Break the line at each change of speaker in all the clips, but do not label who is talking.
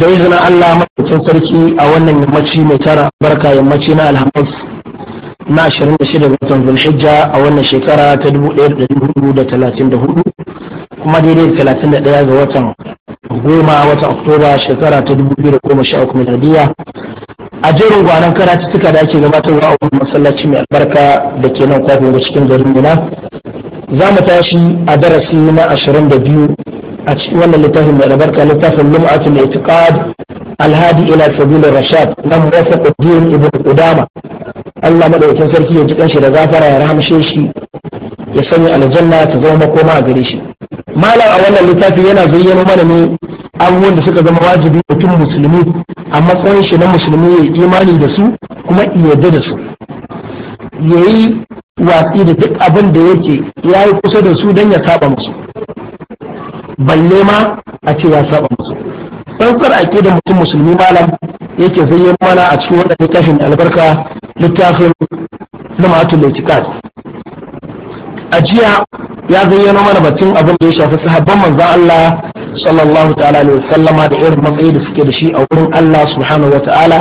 da izinin Allah mafi sarki a wannan yammaci mai tara barka yammaci na alhamis na 26 ga watan zulhijja a wannan shekara ta 1434 kuma daidai da 31 ga watan goma watan oktoba shekara ta 2013 miladiya a jerin gwanon karatuttuka da ake gabatarwa a wani masallaci mai albarka da ke nan kwafin cikin garin gina za mu tashi a darasi na 22 a cikin wannan littafin mai albarka littafin lum'atul itiqad alhadi ila sabil rashad na muwafaquddin ibn qudama Allah madaukakin sarki ya ji kanshi da gafara ya rahamshe shi ya sanya aljanna ta zama makoma a gare shi malam a wannan littafi yana zayyano mana ne abubuwan da suka zama wajibi mutum musulmi a matsayin shi na musulmi ya imani da su kuma yarda da su yayi watsi da duk abin da yake yayi kusa da su don ya saba musu balle ma a ce ya saba musu tsantsar da mutum musulmi malam yake zayyan mana a cikin wannan littafin albarka littafin lumatul itiqad a jiya ya zayyano mana batun abin da ya shafi sahabban manzon Allah sallallahu ta'ala alaihi wasallama da irin matsayi da suke da shi a wurin Allah subhanahu wa ta'ala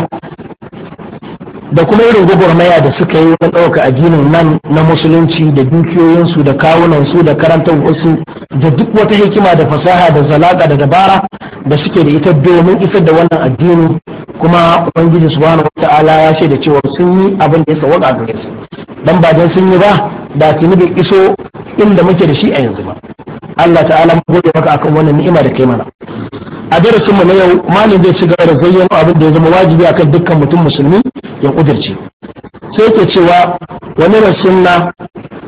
da kuma irin gwagwarmaya da suka yi na ɗauka addinin nan na musulunci da dukiyoyinsu da kawunansu da karantar wasu da duk wata hikima da fasaha da zalaka da dabara da suke da ita domin isar da wannan addini kuma ubangiji subhanahu wata'ala ya shaida cewa sun yi abin da ya sawaka a gare don ba dan sun yi ba da tuni bai iso inda muke da shi a yanzu ba Allah ta'ala mu gode maka akan wannan ni'ima da kai mana a darasin na yau malam zai ci gaba da zayyano abin da ya zama wajibi akan dukkan mutum musulmi ya kudirce sai yake cewa wani sunna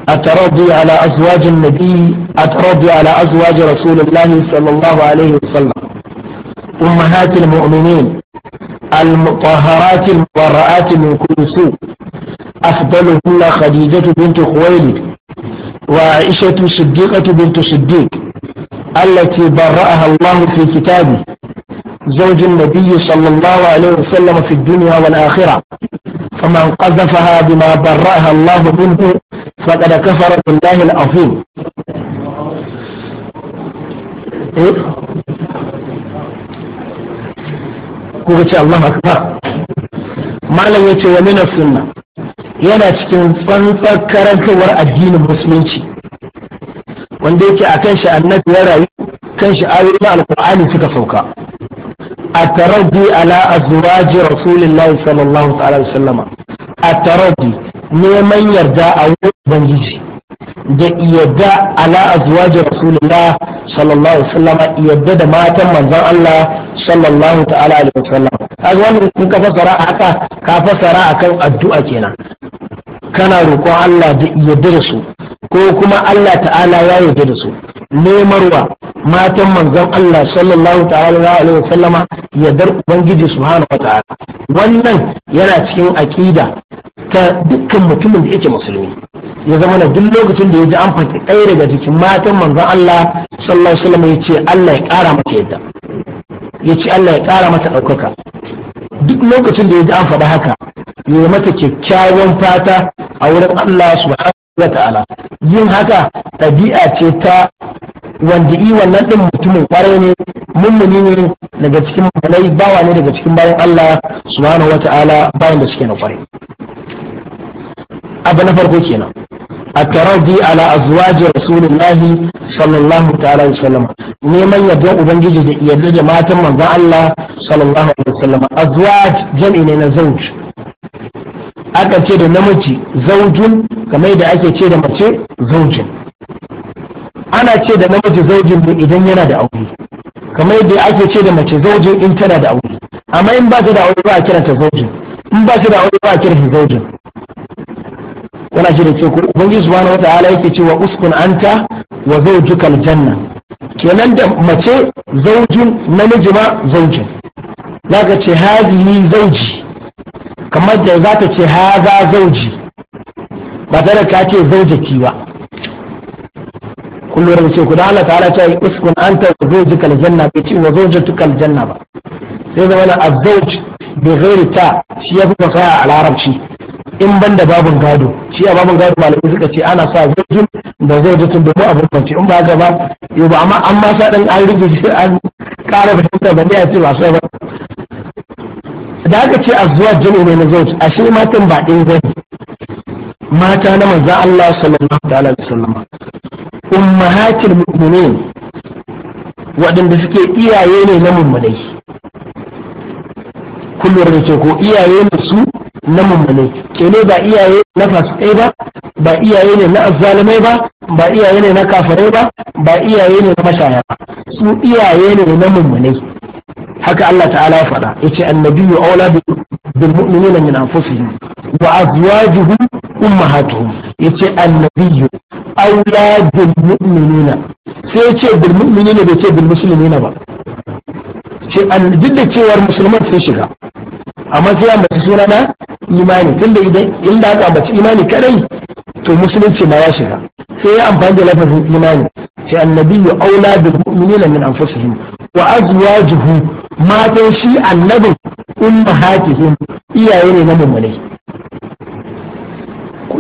a taradi ala azwajin nabi a taradi ala azwajin rasulullahi sallallahu alaihi wasallam ummahati almu'minin almutahharati almuwarraati min kulli su afdaluhunna khadijatu bintu khuwailid wa aisha siddiqatu bintu siddiq allati barra'aha allah fi kitabi زوج النبي صلى الله عليه وسلم في الدنيا والآخرة فمن قذفها بما برأها الله منه فقد كفر بالله العظيم إيه؟ الله أكبر ما لم يتوى من السنة yana cikin tsantsar karantawar addinin musulunci wanda yake a kan shi annabi ya rayu kan shi ayoyin alkur'ani suka sauka التردي على أزواج رسول الله صلى الله عليه وسلم التردي نيمن يرجع أو bangiji, da iyadda ala azwaji rasulullah sallallahu alaihi wasallam yadda da matan manzon Allah sallallahu ta'ala alaihi wasallam kaga wannan kun ka fasara aka ka fasara akan addu'a kenan kana roƙon Allah da yadda da su ko kuma Allah ta'ala ya yarda da su nemarwa matan manzon Allah sallallahu ta'ala alaihi wa sallama dar ubangiji subhanahu wa ta'ala wannan yana cikin aqida ta dukkan mutumin da yake musulmi ya zama na duk lokacin da ya ji an faki ɗaya daga cikin matan manzon Allah sallallahu alaihi wa sallama ya ce Allah ya ƙara mata yadda ya ce Allah ya ƙara mata ɗaukaka duk lokacin da ya ji an faɗa haka ya mata kyakkyawan fata a wurin Allah subhanahu wa ta'ala yin haka ɗabi'a ce ta wanda yi wannan ɗin mutumin kwarai ne mummuni ne daga cikin malai bawa ne daga cikin bayan Allah subhanahu ala, bayan da suke na kwarai abu na farko kenan a على أزواج رسول الله sallallahu ta'ala wa وسلم neman yadda ubangiji da yadda da matan manzon Allah sallallahu alaihi wasallam azwaj jam'i ne na zauj aka ce da namiji zaujin. kamar da ake ce da mace zaujin ana ce da namiji zaujin mu idan yana da aure kamar yadda ake ce da mace zaujin in tana da aure amma in ba ta da aure ba a kiranta zaujin in ba ta da aure ba a kiranta zaujin yana shi da ce ko ubangiji subhanahu wataala yake cewa uskun anta wa zawjuka aljanna kenan da mace zaujin namiji ma zaujin zaka ce hazihi zauji kamar da zaka ce haza zauji ba tare ka ce zaujaki ba lura da ce ku da Allah ta'ala ta yi uskun an wa zawjuka aljanna bai ce wa zawjatuka aljanna ba sai zama na azzauj bai ghairi ta shi ya fi fasaha a larabci in ban da babin gado shi a babin gado malamai suka ce ana sa zaujin da tun domin abin bance in ba haka ba yau ba amma an ma sa ɗan an rufe shi an ƙara fahimta ba ne a ce ba sai ba da aka ce a azzuwa jami'i ne na zauj ashe matan ba ɗaya bane mata na manzan Allah sallallahu alaihi wasallam ummahatil mu'minin waɗanda suke iyaye ne na mummunai kullum da ke ko iyaye ne su na mummunai ke ne ba iyaye na fasikai ba ba iyaye ne na azzalumai ba ba iyaye ne na kafirai ba ba iyaye ne na mashaya ba su iyaye ne na mummunai haka Allah ta'ala ya faɗa Ya yace annabiyyu aula bil mu'minina min anfusihim wa azwajuhu ummahatuhum yace annabiyyu auladul mu'minina sai yace bil mu'minina bai ce bil muslimina ba ce an duk da cewar musulman sun shiga amma sai ya mace suna na imani tunda idan inda aka ambaci imani kadai to musulunci ma ya shiga sai ya amfani da lafazin imani sai annabiyyu auladul mu'minina min anfusihim wa azwajuhu matan shi annabin ummahatihim iyaye ne na mummunai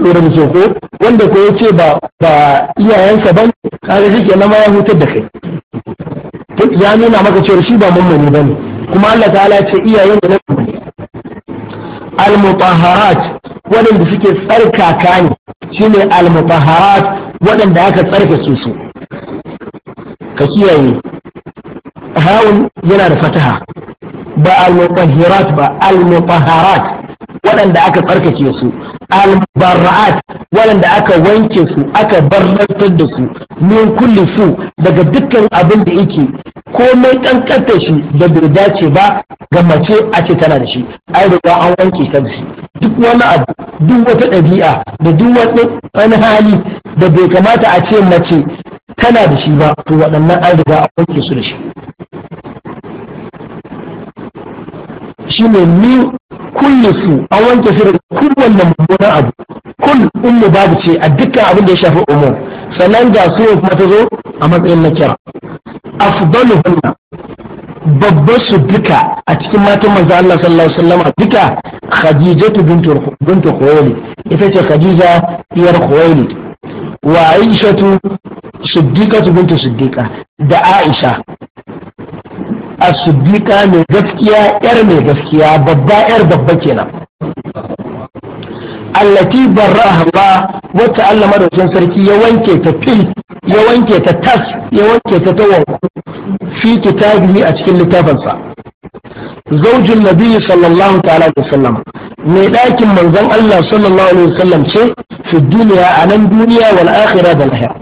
lura da ko wanda ko yace ba ba iyayensa ba kaga shike na ma ya hutar da kai ya nuna maka cewa shi ba mummuni bane kuma Allah ta'ala ya ce iyayen da al-mutahharat waɗanda suke tsarkaka ne shine al-mutahharat waɗanda aka tsarkake su ka kiyaye hawun yana da fataha ba al-mutahharat ba al-mutahharat waɗanda aka tsarkake su albara'at waɗanda aka wanke su aka lantar da su min kulli su daga dukkan abin da yake komai kankantar shi da bai dace ba ga mace a ce tana da shi ai riga an wanke ta da shi duk wani abu duk wata ɗabi'a da duk wani hali da bai kamata a ce mace tana da shi ba to waɗannan an riga an wanke su da shi shi ne kullu su an wanke su daga kowanne mummunan abu kul ummu babu ce a dukkan abin da ya shafi umum sannan ga su kuma ta zo a matsayin na kira afdaluhunna babbar su duka a cikin matan manzo Allah sallallahu alaihi wasallam duka khadijatu bint khuwailid ita ce khadija iyar khuwailid wa aishatu siddiqatu bint siddiqa da aisha A siddiqa mai gaskiya yar mai gaskiya babba yar babba kenan allati barraha Allah wacce Allah madaukin sarki ya wanke ta fil ya wanke ta tas ya wanke ta tawanku fi kitabihi a cikin littafinsa zaujin nabiyyi sallallahu ta'ala alaihi wasallam mai ɗakin manzon Allah sallallahu alaihi wasallam ce fi duniya a nan duniya wal akhira da lahira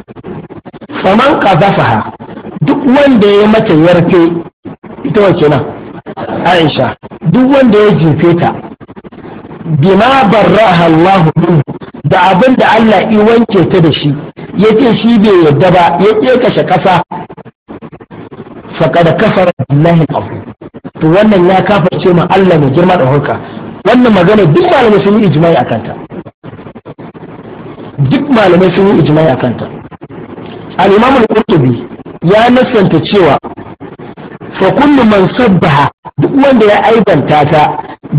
faman qazafaha duk wanda ya mata yarfe ita wacce na aisha duk wanda ya jefe ta bima barra Allah da abin da Allah i wanke ta da shi ya ce shi bai yadda ba ya kashe kasa faqad kafara billahi al to wannan ya kafarce ma Allah mai girma da hurka wannan magana duk malamai sun yi ijma'i akan ta duk malamai sun yi ijma'i akan ta al-imam al-qurtubi ya nasanta cewa fa kullu man sabbaha duk wanda ya aibanta ta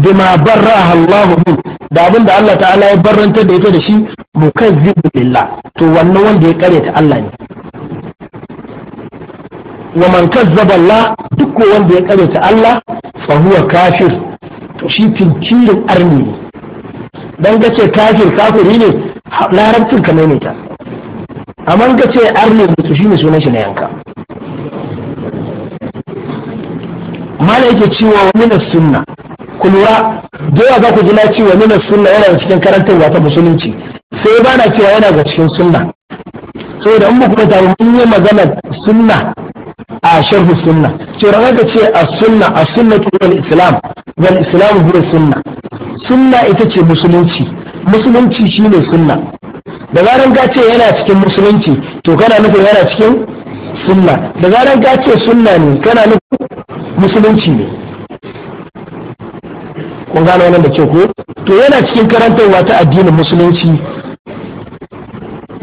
bima barraha Allahu min da abin da Allah ta'ala ya barranta da ita da shi mukazzibu lillah to wannan wanda ya ta Allah ne wa man kazzaba Allah duk wanda ya ta Allah fa huwa kafir to shi tinkirin arni ne dan gace kafir kafiri ne larabcin kamar ne ta amma gace arni to shine sunan shi na yanka mala yake cewa wa minas sunna ku lura da yawa za ku ji na cewa minas sunna yana da cikin karantarwa ta musulunci sai ba na cewa yana ga cikin sunna saboda in muku ta mun yi magana sunna a sharhu sunna cewa ka ce a sunna a sunna wal islam wal islam huwa sunna sunna ita ce musulunci musulunci shine sunna da zaran ka ce yana cikin musulunci to kana nufin yana cikin sunna da zaran ka ce sunna ne kana nufin musulunci ne kun gano wannan da ke ko to yana cikin karantarwa ta addinin musulunci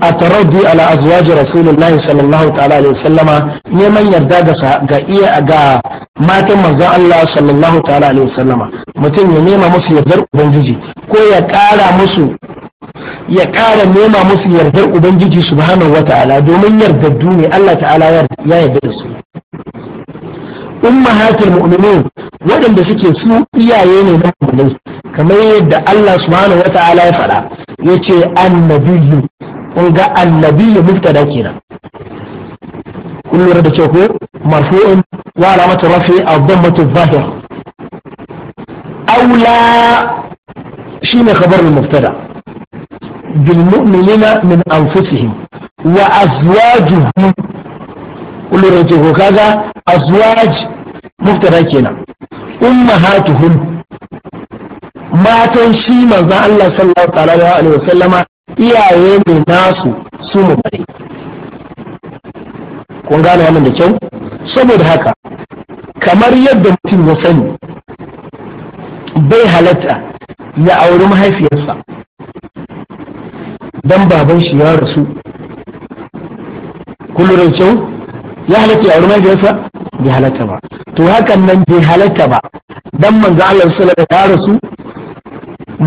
a taraddi ala azwaji rasulullahi sallallahu ta'ala alaihi sallama neman yarda ga ga iya ga matan manzon Allah sallallahu ta'ala alaihi sallama mutum ya nema musu yardar ubangiji ko ya kara musu ya ƙara nema musu yardar ubangiji subhanahu wa ta'ala domin yardaddu ne Allah ta'ala ya yarda da su ummahatul mu'minin waɗanda suke su iyaye ne na mu'minai kamar yadda Allah subhanahu wata'ala ya faɗa yace annabiyyu kun ga annabiyyu mubtada kenan kun da ko marfu'un wa alamatu rafi ad-dammatu zahir aula shine khabar al-mubtada bil mu'minina min anfusihim wa azwajuhum kullum da ko kaga azwaj mubtada kenan ummahatuhum matan shi manzon Allah sallallahu alaihi wa sallama iyaye ne nasu su mu bari. kun gane wannan da kyau saboda haka kamar yadda mutum ya sani bai halatta ya auri mahaifiyarsa dan baban shi ya rasu kullum da kyau ya halatta ya rumai da yasa bai halatta ba to hakan nan bai halatta ba dan manzo Allah sallallahu alaihi ya rasu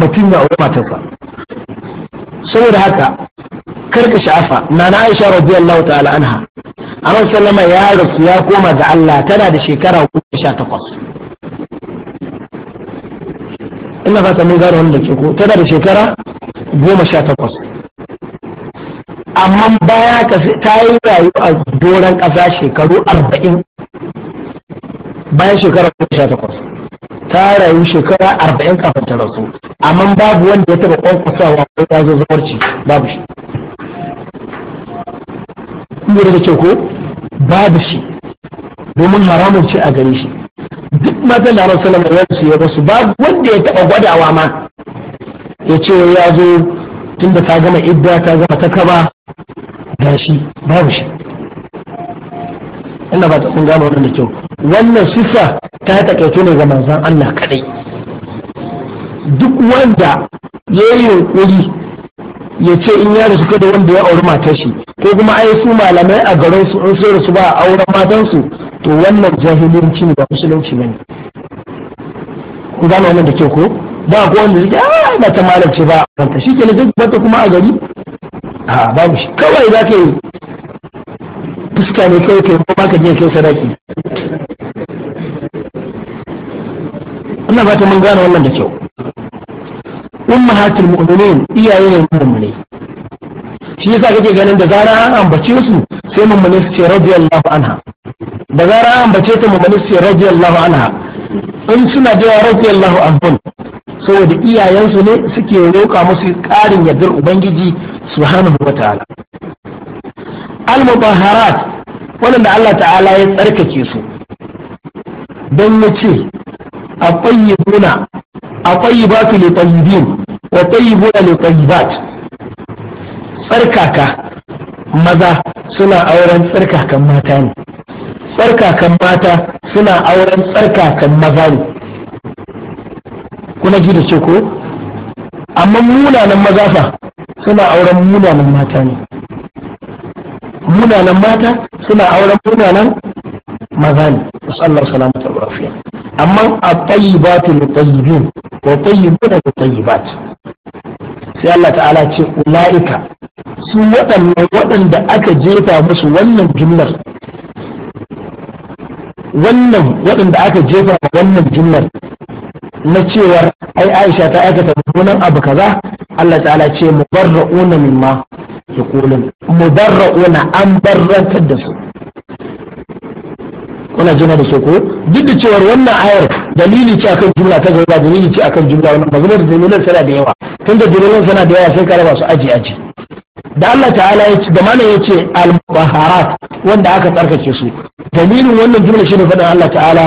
mutum ya aure matarsa saboda haka karka sha'afa na Aisha radiyallahu ta'ala anha Annabi sallama ya rasu ya koma ga Allah tana da shekara 18 ina fata mun gano wannan da ke ko tana da shekara goma sha takwas. amma baya ka ta yi rayu a doron ƙasa shekaru arba'in bayan shekara sha takwas ta rayu shekara arba'in kafin ta rasu amma babu wanda ya taɓa kwankwasawa ko ya zo ci, babu shi kuma da ke ko babu shi domin haramun ce a gare shi duk matan da rasu lamar alaihi su ya rasu babu wanda ya taɓa gwadawa ma ya ce ya zo tunda ta gama idda ta gama ta kaba gashi babu shi ina ba ta kun gano wannan da kyau wannan sifa ta takaito ne ga manzon Allah kadai duk wanda ya yi yunkuri ya ce in ya rasu kada wanda ya auri matar shi ko kuma ai su malamai a garin su in sai su ba a auren matan su to wannan jahilinci ne ba musulunci bane ku gano wannan da kyau ko ba ko wanda ce a ah, ba ta malam ce ba a kanta shi ke ne duk wata kuma a gari a babu shi kawai za ka yi fuska ne kawai kai ko baka je kai sadaki ina fata mun gane wannan da kyau ummahatul mu'minin iyaye ne mu'mini shi yasa kake ganin da zara an ambace su sai mummuni su ce radiyallahu anha da zara an ambace ta mummuni su ce radiyallahu anha in suna da radiyallahu anhum saboda iyayensu ne suke roƙa musu ƙarin yardar ubangiji subhanahu wa ta'ala al-mutahharat da Allah ta'ala ya tsarkake su don ya ce a ƙwayyibuna a ƙwayyibatu li tayyibin wa tayyibuna li tayyibat tsarkaka maza suna auren tsarkakan mata ne tsarkakan mata suna auren tsarkakan maza ne kuna ji da ce ko amma munanan maza fa suna auren munanan mata ne munanan mata suna auren munanan maza ne wasu Allah salamata wa rafiya amma a tayyibatu li tayyibin wa tayyibuna li tayyibat sai Allah ta'ala ce ulaika su waɗannan waɗanda aka jefa musu wannan jimlar wannan waɗanda aka jefa wannan jimlar na cewar ai Aisha ta aikata munan abu kaza Allah ta'ala ce mubarra'una mimma yaqulun mubarra'una an barrantar da su kuna jina da su ko duk da cewar wannan ayar dalili ce akan jumla ta gaba dalili ce akan jumla wannan magana da dalilan sana da yawa tun da dalilan sana da yawa sai ka raba su aji aji da Allah ta'ala ya ce da mana ya ce al-mubaharat wanda aka tsarkake su dalilin wannan jumla shine faɗin Allah ta'ala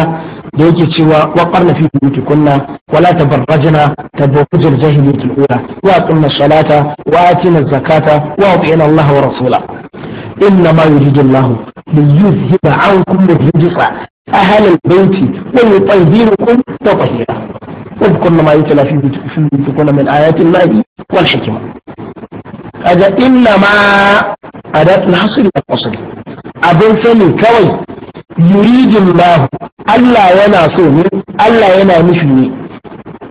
da yake cewa wa qarna fi buyutikunna wa la tabarrajna tabarrujal jahiliyyati al-ula wa aqimna salata wa atina zakata wa atina Allah wa rasula inna ma yuridu Allah liyuzhiba ankum ar-rijsa ahal al-bayt wa yutahhirukum tatahira واذكرن ما يتلى في بيوتكن wal آيات Kaga والحكمة هذا إنما أداة الحصر والقصر abin فني kawai يريد الله Allah yana so ne Allah yana nufi ne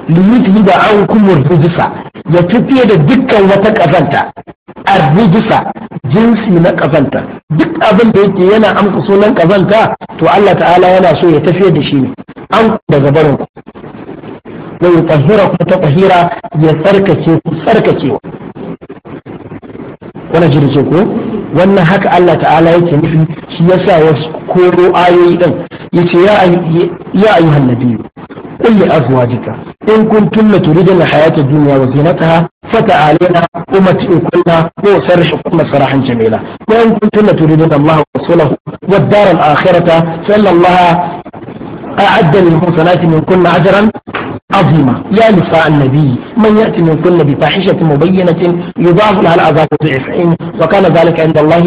liyuti da an kumur rijisa ya tafiye da dukkan wata kazanta a rijisa jinsi na kazanta duk abin da yake yana amsa sunan kazanta to Allah ta'ala yana so ya tafiye da shi ne an daga barin ku yi yutahhira ku tahira ya tsarkake ku tsarkakewa wani jirgin ku? wannan haka Allah ta'ala yake nufi shi ya wasu koro ayoyi ɗin ya ce ya ayi hannabi kun li azwajika in kun tunna turidin na hayata duniya wa zinata ha fata alina umati in kunna ko sarhi kuma sarahan jamila ko in kun tunna turidin Allah wa sulahu wa daral akhirata sallallahu a'adda lil husanati min kunna ajran عظيمة يا نساء النبي من يأتي من كل بفاحشة مبينة يضاعف لها العذاب ضعفين وكان ذلك عند الله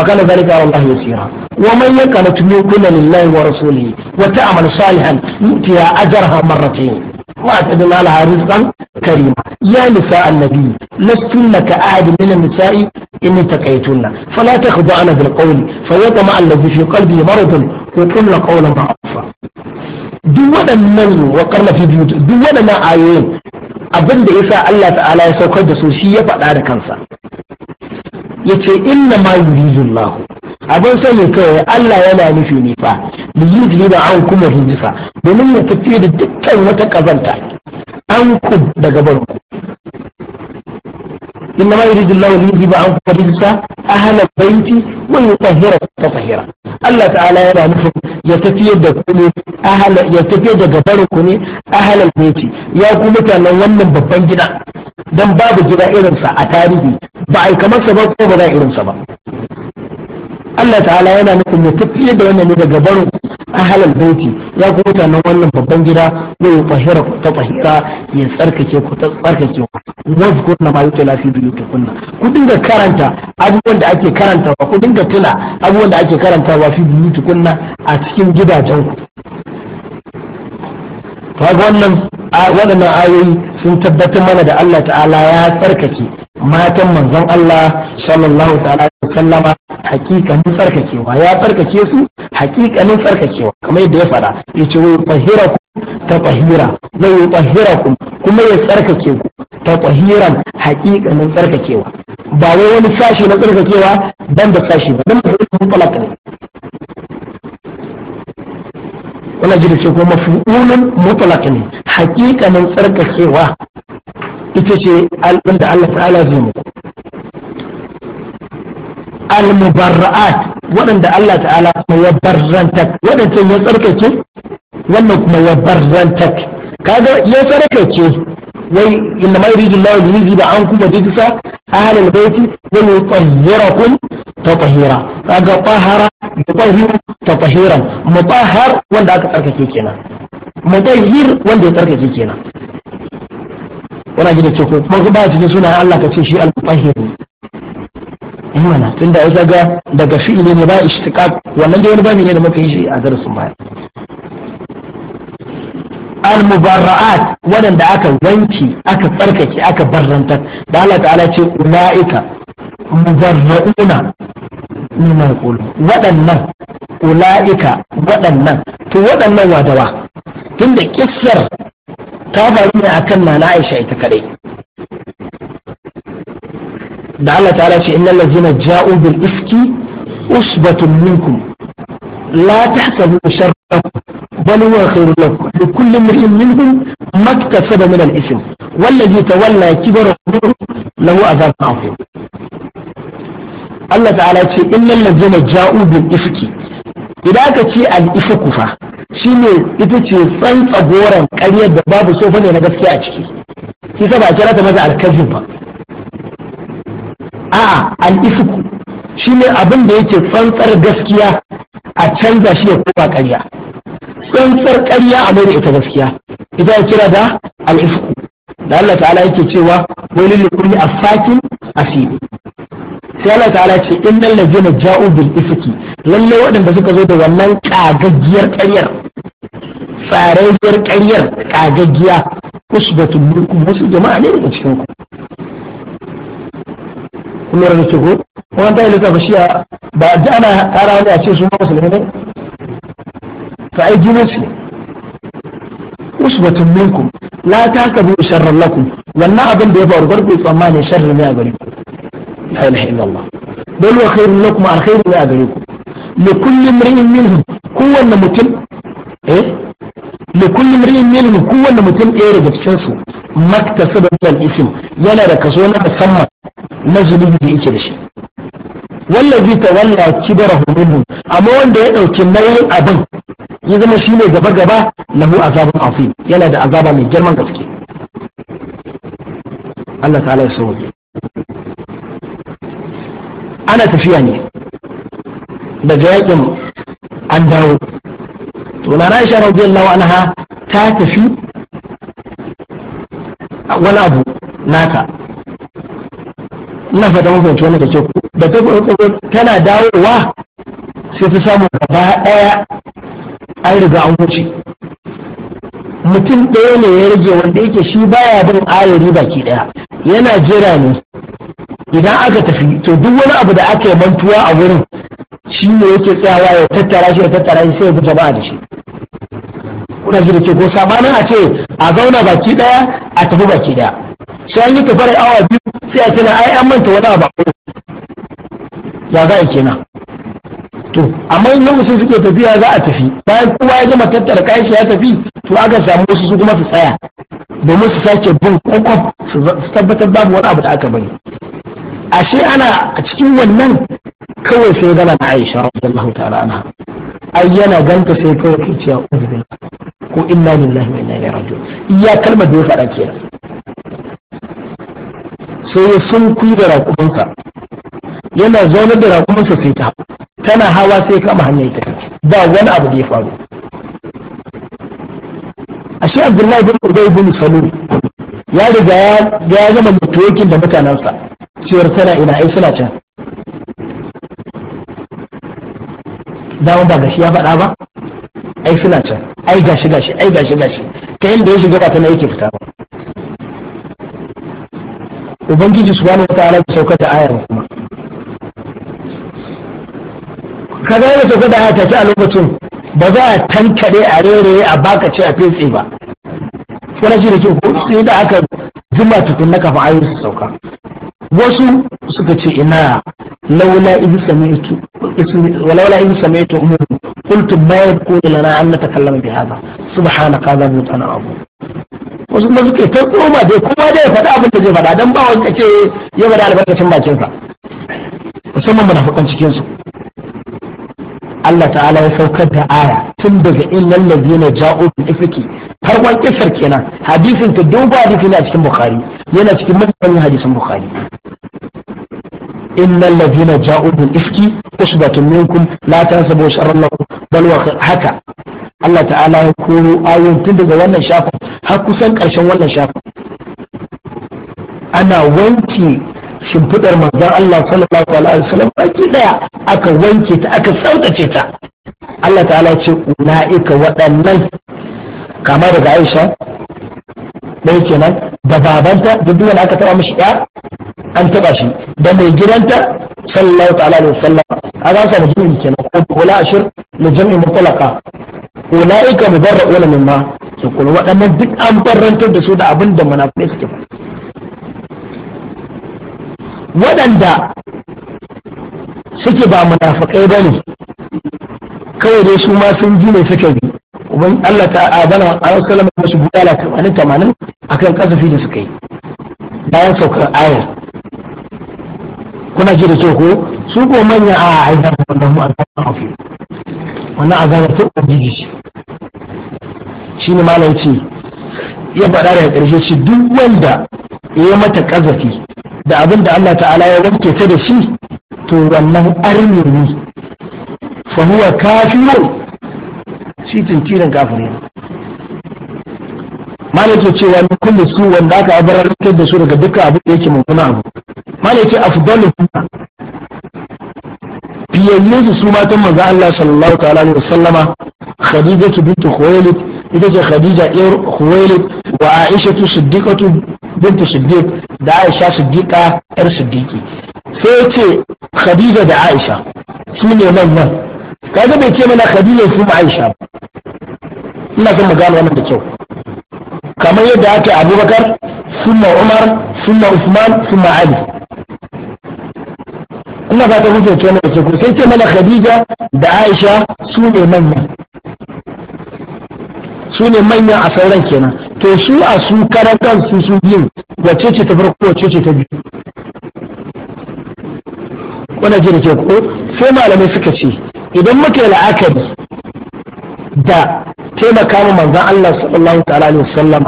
وكان ذلك على الله يسيرا ومن يقنت من كل لله ورسوله وتعمل صالحا يؤتيها أجرها مرتين وأعتدنا لها رزقا كريما يا نساء النبي لستن كأحد من النساء إني تقيتن فلا تخضعن بالقول فيطمع الذي في قلبه مرض وقل قولا معروفا duk waɗannan waƙar na fi biyu duk waɗannan ayoyin abin da sa Allah ta'ala ya saukar da su shi ya faɗa da kansa ya yace inna ma yuridullahu abin sani kawai Allah yana nufi ne fa liyudli da an kuma rijisa domin mu tafi da dukkan wata ƙazanta an ku daga barku إنما يريد الله ليذهب عنكم الرجس أهل البيت ويطهركم تطهيرا الله تعالى يرى نفسه يتفيد كوني أهل يتفيد جبر كوني أهل البيت يا كومك أن wannan babban gida dan babu gida irinsa a tarihi ba a kamar sa ba ko ba irinsa ba Allah ta'ala yana nufin ya tafiye ne daga halin baiti ya ku mutanen wannan babban gida wa ya tahira ku ta tahira ya tsarkake ku ta tsarkake ku wazkur na ma yake lafi kunna. ku dinga karanta abubuwan da ake karantawa ku dinga tuna abubuwan da ake karanta karantawa fi kunna a cikin gidajen ku ta wannan waɗannan ayoyi sun tabbatar mana da Allah ta'ala ya tsarkake matan manzon Allah sallallahu ta'ala sallama hakikanin tsarkakewa ya tsarkake su hakikanin tsarkakewa kamar yadda ya faɗa yace wa ku ta tahira wa ku kuma ya tsarkake ku ta tahiran hakikanin tsarkakewa ba wai wani sashi na tsarkakewa dan da sashi ba dan da mutlaq ne wannan jirgin ko mafi'ulun mutlaq ne hakikanin tsarkakewa ita ce alɗin da Allah ta'ala zai muku al-mubarra'at waɗanda Allah ta'ala kuma ya barzantak waɗanda ya tsarkake wannan kuma ya barzantak kaga ya tsarkake wai inna ma yuridu Allahu li yuzhiba ankum rijsa ahli al-bayti wa yutahhirakum tatahira kaga tahara yutahhiru tatahiran mutahhar wanda aka tsarkake kenan mutahhir wanda ya tsarkake kenan Wani ji da ce ko kuma ba cikin suna Allah ka ce shi al-mutahhir imana eh tunda ya zaga daga fi'ili ne ba ishtiqaq wannan da wani babi ne da muka yi shi a darasin baya al-mubarra'at waɗanda aka wanki aka tsarkake aka barrantar da Allah ta'ala ce ula'ika mubarra'una mimma yaqulu waɗannan ula'ika waɗannan to waɗannan wadawa tunda kissar ta faru ne akan nana Aisha ita kadai da Allah ta'ala ce innal ladzina ja'u bil ifki usbatun minkum la tahsabu sharra bal huwa khairun lakum li kulli imrin minhum ma iktasaba min al ism والذي تولى كبره له عذاب عظيم Allah ta'ala ce innal ladzina ja'u bil ifki idan aka ce al ifku fa shi ne ita ce tsantsa goron ƙaryar da babu sofa ne na gaskiya a ciki shi sa ba a kira ta maza alkazin ba a al'ifku shi ne abin da yake tsantsar gaskiya a canza shi ya kuma karya. tsantsar ƙarya a mai ita gaskiya ita ya kira da al'ifku da Allah ta'ala yake cewa wani lukuri a fakin asiri sai Allah ta'ala ce innal ladzina ja'u bil ifki lallai waɗanda suka zo da wannan kagaggiyar ƙaryar farajiyar ƙaryar kagaggiya usbatul mulkum wasu jama'a ne daga cikin ku kun da ke ko wannan ta yi lissafa shi ba ji ana ƙara wani a ce su ma musulmi ne ta ai jinin su usbatul mulkum la ta ka bi sharran lakum wannan abin da ya faru garku tsammanin sharri ne a gare ku la ilaha illallah bal wa khairun lakum alkhairu ne a gare ku li kulli imrin minhum kowanne mutum eh da kullum ri'in minhum kowanne mutum ɗaya daga cikin su maktasaba min ism yana da kaso na musamman na zunubi da yake da shi ta tawalla kibarahu minhum amma wanda ya ɗauki nauyin abin ya zama shi ne gaba gaba mu azabun azim yana da azaba mai girman gaske Allah ta'ala ya sauke ana tafiya ne daga yakin an dawo to na Aisha radiyallahu anha ta tafi wani abu naka ina fata mafi wani da ke da ta tana dawowa sai ta samu gaba daya an riga an wuce mutum ɗaya ne ya rage wanda yake shi baya bin ayari baki daya yana jira ne idan aka tafi to duk wani abu da aka yi mantuwa a wurin shi ne yake tsayawa ya tattara shi ya tattara shi sai ya bi jama'a da shi kuna ji da ko sabanin a ce a zauna baki daya a tafi baki daya sai an yi tafiyar awa biyu sai a tana ai an manta wani abu ya za a kenan to amma in lokacin suke tafiya za a tafi bayan kowa ya gama tattara kayan shi ya tafi to aka samu wasu su kuma su tsaya domin su sake bin kwakwaf su tabbatar babu wani abu da aka bari ashe ana a cikin wannan kawai sai gana na aisha radiyallahu ta'ala anha ai yana ganta sai kawai ke ubangiji ko inna lillahi wa inna ilaihi raji'un iya kalmar da ya faɗa kenan sai ya kuyi da raƙumansa yana zaune da raƙumansa sai ta tana hawa sai kama hanyar ta ba wani abu da ya faru ashe abdullahi bin ubay bin salul ya riga ya zama mutuwakin da mutanansa, cewar tana ina ai suna can dawo ba gashi ya faɗa ba ai suna can ai gashi gashi ai gashi gashi ta yadda ya shiga ba yake fita ba ubangiji subhanahu wataala ya sauka da ayar kuma kaga yana sauka da ayar ta ce a lokacin ba za a tankare a rere a baka ce a fetse ba kuma shi da ke sai da aka zuma tukun na kafa ayoyi su sauka wasu suka ce ina laula in wala walaula in sami'tu umuru قلت ما يكون لنا أن نتكلم بهذا سبحانك هذا بوتنا abu. wasu kuma suke ta dai kuma dai faɗa abin da zai faɗa don ba wanda ce ya faɗa albarkacin bakinsa musamman munafukan cikin su Allah ta'ala ya saukar da aya tun daga innal ladina ja'u bil ifki wani kisar kenan hadisin ta duba hadisi a cikin bukhari yana cikin manyan hadisin bukhari إلا الذين جاءوا بالإفك عصبة منكم لا تنسبوا شر لكم بل هكا Allah ta'ala ya koro ayoyin tun daga wannan shafin har kusan ƙarshen wannan shafin ana wanke shimfiɗar manzon Allah sallallahu alaihi wasallam baki daya aka wanke ta aka tsaftace ta Allah ta'ala ce ula'ika waɗannan kama daga Aisha ɗaya kenan da babanta duk wanda aka taba mishi ya an taba shi da mai gidanta sallallahu ta'ala alaihi wasallam a za su mutum kenan ko kula ashir na jami'in mutalaqa ulaika mubarra'una mimma su kula waɗannan duk an barrantar da su da abin da munafiqai suke waɗanda suke ba munafiqai bane kawai dai su ma sun ji ne suka bi uban Allah ta abana a wasu kalama da su gudala tamanin tamanin akan kasafi da suka yi bayan saukar ayar kuna ji da ko su ko manya a aida da mu a kan afi wannan azabar ta ubangiji shi ne malam ce ya faɗa daga ƙarshe shi duk wanda ya mata kazafi da abin da Allah ta'ala ya wanke ta da shi to wannan arni ne fa huwa kafirun shi tinkirin kafiri malai ce cewa min kulle su wanda aka abarar da su daga duka abu da yake mummuna abu malai ce afdalu biyayyen su su matan manzo Allah sallallahu ta'ala alaihi wasallama Khadija bint Khuwailid ita ce Khadija iyar Khuwailid wa Aisha tu siddiqatu bint Siddiq da Aisha siddiqa yar Siddiqi sai ce Khadija da Aisha su ne nan nan kaga bai ce mana Khadija su Aisha ba ina son mu gane wannan da kyau kamar yadda aka ake abubakar sunna umar sunna usman sunna ali ina fata kuke ce mana ce sai ce mana khadija da aisha su ne manya su ne manya a sauran kenan to su a su karan su su biyu wacce ce ta farko wacce ce ta biyu wannan ji da ke ko sai malamai suka ce idan muka yi la'akari da taimaka ma manzon Allah sallallahu ta'ala alaihi wasallam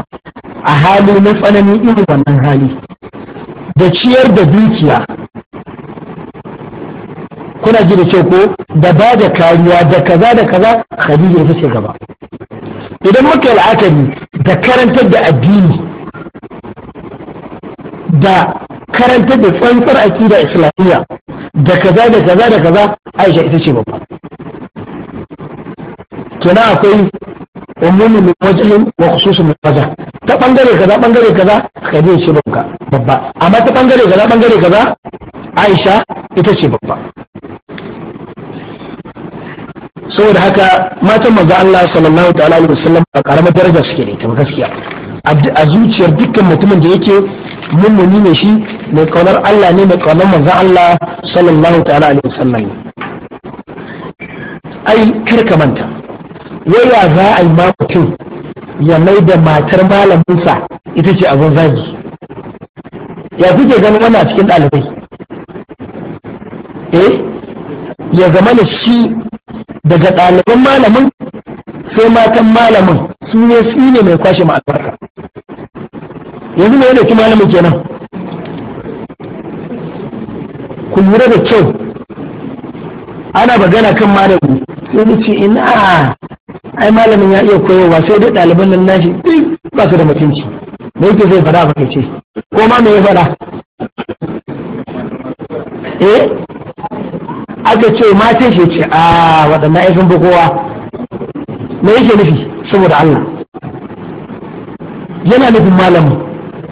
a hali na tsanani irin wannan hali da ciyar da dukiya kuna ji da ce ko da ba da kariya da kaza da kaza khadija ta ce gaba idan muka yi la'akari da karantar da addini da karantar da tsantsar akida islamiyya da kaza da kaza da kaza aisha ita ce babba kina akwai umumin min wajhin wa khususun min wajh ta bangare kaza bangare kaza khadija ce babba babba amma ta bangare kaza bangare kaza aisha ita ce babba saboda haka matan manzo Allah sallallahu ta'ala alaihi wasallam a karamar daraja suke da ta gaskiya a zuciyar dukkan mutumin da yake mummuni ne shi mai kaunar Allah ne mai kaunar manzo Allah sallallahu ta'ala alaihi wasallam ai kar ka manta waya za a yi mutum ya mai da matar malaminsa ita ce abin zagi ya kuke ganin wani a cikin ɗalibai eh ya zama da shi daga ɗaliban malamin sai matan malamin su ne su ne mai kwashe ma yanzu mai dauki malamin kenan ku lura da kyau ana magana kan malami sai da ce ina ai malamin ya iya koyarwa sai dai ɗaliban nan nashi duk ba su da mutunci me yake zai fada ba ce ko ma me ya fada eh aka ce ma shi ce a ah, waɗannan aifin kowa me yake nufi saboda Allah yana nufin malamin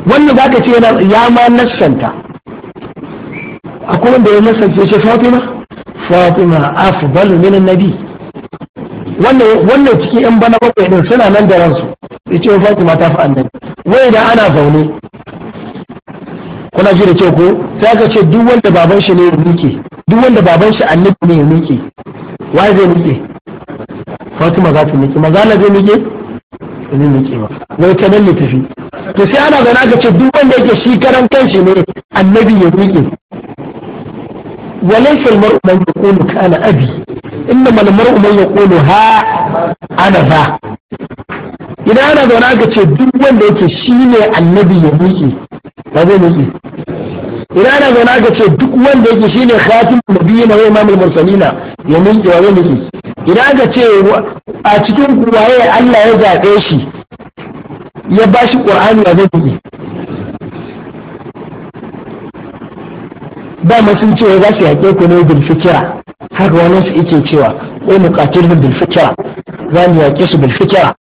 wannan za ka ce ya ma nassanta akwai wanda ya nassanta ya ce fatima fatima afdalu min annabi wannan cikin yan bana bakwai din suna nan da ransu ya ce fatima ta fi annabi wai da ana zaune kuna ji da kyau ko sai aka ce duk wanda baban shi ne ya miƙe duk wanda baban shi annabi ne ya miƙe wai zai miƙe fatima za ta miƙe maza na zai miƙe zai miƙe ba wai ta nan ne tafi to sai ana zana aka ce duk wanda yake shi karan kanshi ne annabi ya miƙe walai filmar umar da kana abi inda malamar umar ya kolo ha ana ba idan ana zaune aka ce duk wanda yake shi ne annabi ya miƙe ba zai miƙe idan ana zaune aka ce duk wanda yake shi ne khatim Biyu na wai imamul mursalina ya miƙe ba zai miƙe idan aka ce a cikin kuwaye Allah ya zaɓe shi ya ba shi ƙur'ani ba zai miƙe ba masu cewa za su yaƙe ku ne bil fikira har wani su yake cewa wai muqatilhum bil fikra za mu yaƙe su bil fikra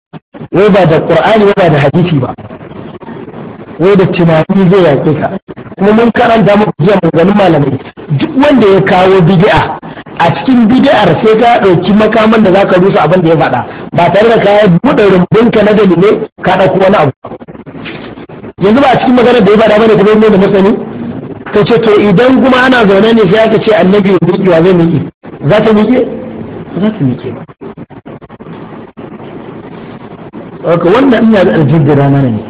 wai ba da qur'ani ba da hadisi ba wai da tunani zai yaƙe ka kuma mun karanta muku jiya gani malamai duk wanda ya kawo bid'a a cikin bid'ar sai ka ɗauki makaman da zaka rusa abin da ya faɗa ba tare da ka buɗe rumbunka na dalilai ka ɗauko wani abu yanzu ba a cikin magana da ya faɗa bane kuma ne da masani ta ce to idan kuma ana zaune ne sai aka ce annabi ya buɗe wa zai miƙe za ta miƙe za ta miƙe ba Aka wannan ina da da rana ne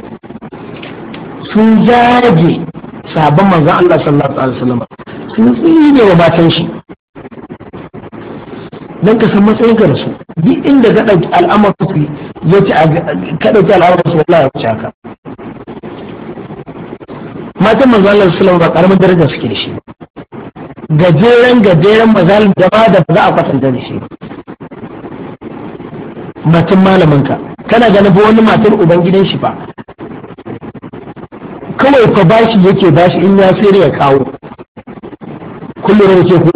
sun jage sabon manzon Allah sallallahu alaihi wasallam sun tsine wa matan shi dan ka san matsayin ka da su duk inda ka dauki al'amarin su ya ci ka dauki al'amarin su wallahi ya wuce haka matan manzo Allah sallallahu ba karamin daraja suke da shi gajeren gajeren mazalim da ba da za a kwatanta da shi matan malaminka kana ganin ba wani matar ubangidan shi ba kawai fa bashi yake bashi in ya sai ya kawo kullum da yake ku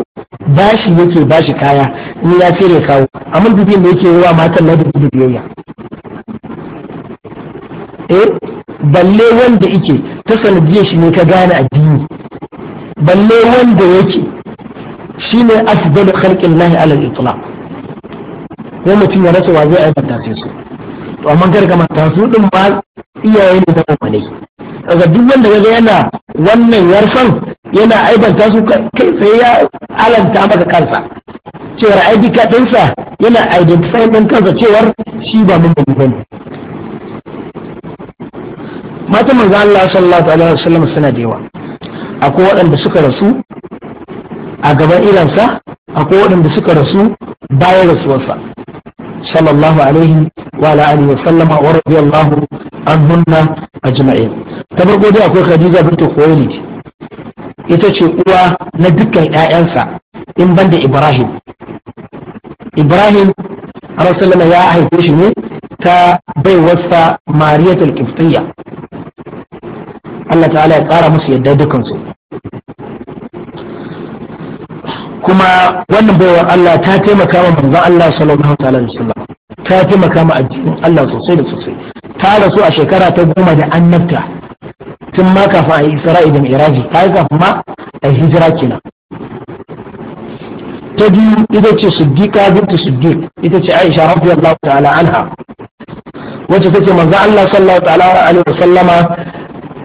bashi yake bashi kaya in ya sai ya kawo amma dubin da yake yi wa matan na dubu da biyayya eh balle wanda yake ta sanadiyar shi ne ka gane addini balle wanda yake shine asbabu khalqin lahi ala al ko mutum ya rasa wa zai aibata sai su to amma kar ka mata su din ba iyaye ne da malai daga duk wanda kaga yana wannan yarfan yana aibanta su kai sai ya alanta maka kansa cewar aibika ɗinsa yana identify ɗin kansa cewar shi ba mun bane matan manzo Allah sallallahu alaihi wasallam suna da yawa akwai waɗanda suka rasu a gaban iransa akwai waɗanda suka rasu bayan rasuwarsa sallallahu alaihi wa ala alihi wasallama wa radiyallahu anhunna ajma'in ta farko dai akwai Khadija bint Khuwailid ita ce uwa na dukkan ƴaƴansa in banda Ibrahim Ibrahim Rasulullah ya haife shi ne ta baiwarsa Mariyatul Qibtiyya Allah ta'ala ya ƙara musu yadda dukansu kuma wannan baiwar Allah ta taimaka ma manzon Allah sallallahu ta'ala alaihi wasallam ta taimaka ma addinin Allah sosai da sosai ta rasu a shekara ta goma da annabta tun ma kafin a yi Isra'i da Miraji ta yi kafin ma a hijira kenan ta biyu ita ce siddiqa bintu siddiq ita ce Aisha radiyallahu ta'ala anha wacce take manzo Allah sallallahu ta'ala alaihi wasallama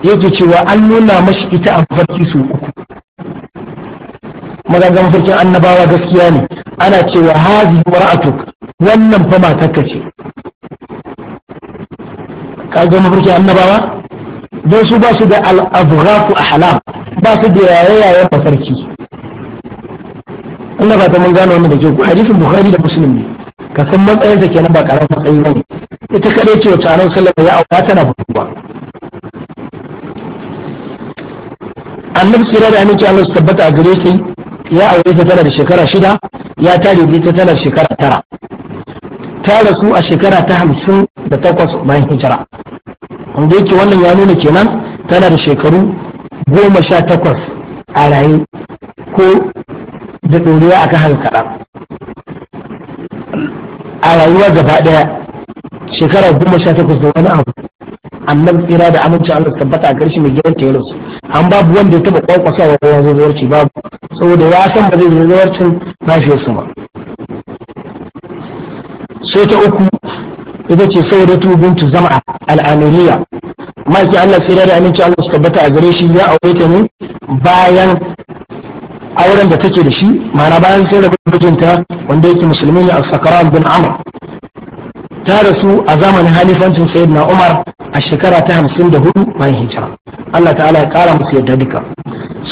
yake cewa an nuna mashi ita a mafarki su uku Magagan mafarkin annabawa gaskiya ne ana cewa hazi mar'atuk wannan fa matarka ce kaga mafarkin annabawa don su ba su da a ahlam ba su da yayayen mafarki Allah ba ta mun gano wannan da ke hadisin bukhari da muslim ne ka san matsayin da kenan ba karamin matsayi ne ita kadai ce wacce annabi sallallahu ya aura tana fitowa annabi tsira da aminci Allah su tabbata a gare shi ya aure ta tana da shekara shida ya tare da ta tana shekara tara ta rasu a shekara ta hamsin da takwas bayan hijira wanda yake wannan ya nuna kenan tana da shekaru goma sha takwas a raye ko da ɗoriya a kan kaɗa a rayuwa gaba ɗaya shekara goma sha takwas da wani abu annabi tsira da aminci Allah tabbata a karshe mai gidan ta an babu wanda ya taba kwakwasa wa wajen zuwarci babu saboda ya san ba zai zo zuwarcin lafiyar su ba sai ta uku ita ce sai tubin tu zama al'amiliya maki Allah tsira da aminci Allah tabbata a gare shi ya aure ta ne bayan auren da take da shi Mana bayan sai da mijinta wanda yake musulmi ne a sakaran bin amr ta rasu a zamanin halifancin sayyidina umar a shekara ta hamsin da hudu bayan hijira Allah ta'ala ya kara musu yadda duka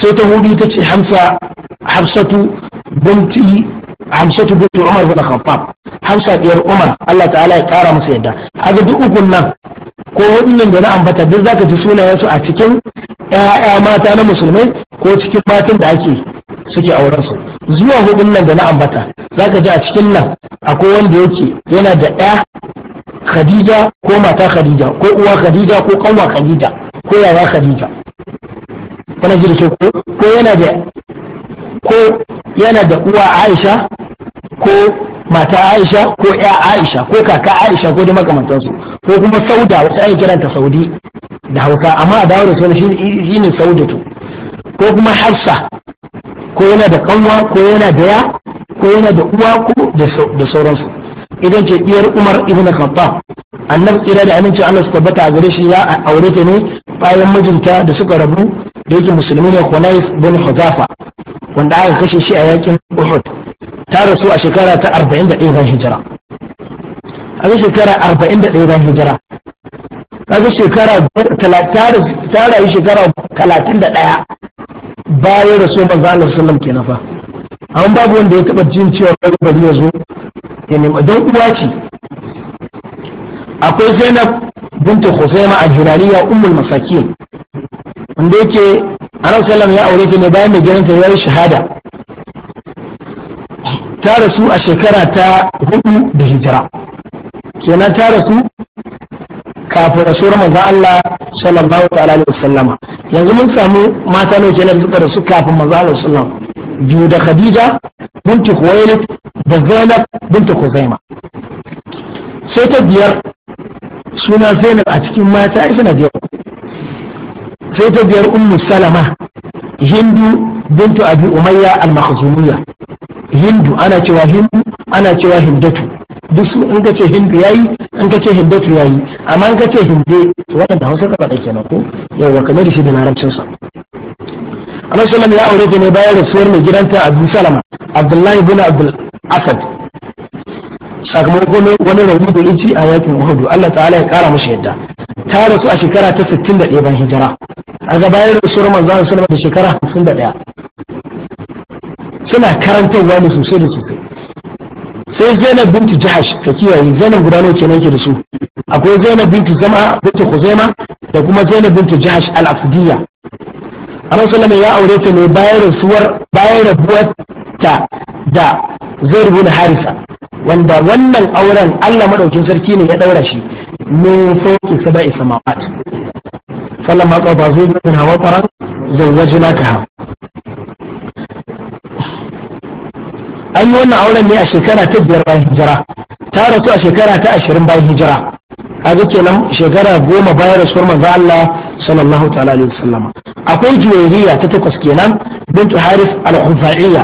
sai ta hudu ta ce hamsa binti hamsatu binti umar bin khattab hamsa diyar umar Allah ta'ala ya kara musu yadda haka duk ukun nan ko waɗannan da na ambata duk zaka ji sunayensu a cikin ƴaƴa mata na musulmai ko cikin matan da ake suke auren su zuwa hudun nan da na ambata zaka ji a cikin nan akwai wanda yake yana da ɗaya khadija ko mata khadija ko uwa khadija ko kanwa khadija ko yaya khadija kana ji da ko ko yana da ko yana da uwa aisha ko mata aisha ko ya aisha ko kaka aisha ko da makamantansu ko kuma sauda wasu ake kiranta saudi da hauka amma a dawo da Sa'uda shi ne saudatu ko kuma hafsa ko yana da kanwa ko yana da ya ko yana da uwa ko da sauransu idan ce diyar Umar ibn Khattab annab tsira da aminci Allah su tabbata a gare shi ya aure ta ne bayan mijinta da suka rabu da yake musulmi ne Khunais bin Huzafa wanda aka kashe shi a yakin Uhud ta rasu a shekara ta 41 bayan hijira a shekara 41 bayan hijira a kaga shekara ta rayu shekara talatin da ɗaya bayan rasu manzo Allah sallam kenan fa an babu wanda ya taɓa jin cewa bari ya zo ya nema don uwa ce akwai zainab binta husaima a jurariya ummul masakin wanda yake annabi sallam ya aure ta ne bayan da gidanta ta yi shahada ta rasu a shekara ta hudu da hijira kenan ta rasu kafin rasuwar manzon Allah sallallahu ta'ala alaihi wasallama yanzu mun samu mata ne kenan suka rasu kafin manzon Allah sallallahu biyu da Khadija binti Khuwailid da zainab binta kuzaima sai ta biyar suna zainab a cikin mata ai na biyar sai ta biyar ummu salama hindu bintu abi umayya al-makhzumiyya hindu ana cewa hindu ana cewa hindatu duk su in kace hindu yayi in kace hindatu yayi amma in kace hinde to wannan da Hausa ka faɗa kenan ko yawa kamar shi da larabcin sa Allah sallallahu ya aure ta ne bayan rasuwar mai gidanta Abu Salama Abdullahi ibn Abdul asad sakamakon wani rauni da ya a yakin uhudu Allah ta'ala ya kara mashi yadda ta rasu a shekara ta 61 ban hijira a ga bayan rasuwar manzon sallama da shekara 51 suna karantarwa ne sosai da sosai sai Zainab binti Jahash ta kiyaye Zainab guda nawa kenan ke da su akwai Zainab binti Zama binti Khuzaima da kuma Zainab binti Jahash al-Afdiyya Annabi sallallahu ya aure ta ne bayan rasuwar bayan rabuwar ta da zai rubu harisa wanda wannan auren Allah madaukin sarki ne ya daura shi min fawqi sab'i samawat falamma qaba zawjuna hawa qaran zawwajnakaha an yi wannan auren ne a shekara ta biyar bayan hijira ta rasu a shekara ta ashirin bayan hijira kaga kenan shekara goma bayan rasuwar manzo Allah sallallahu ta'ala alaihi wasallama akwai juwairiya ta takwas kenan bintu harif al-hufa'iyya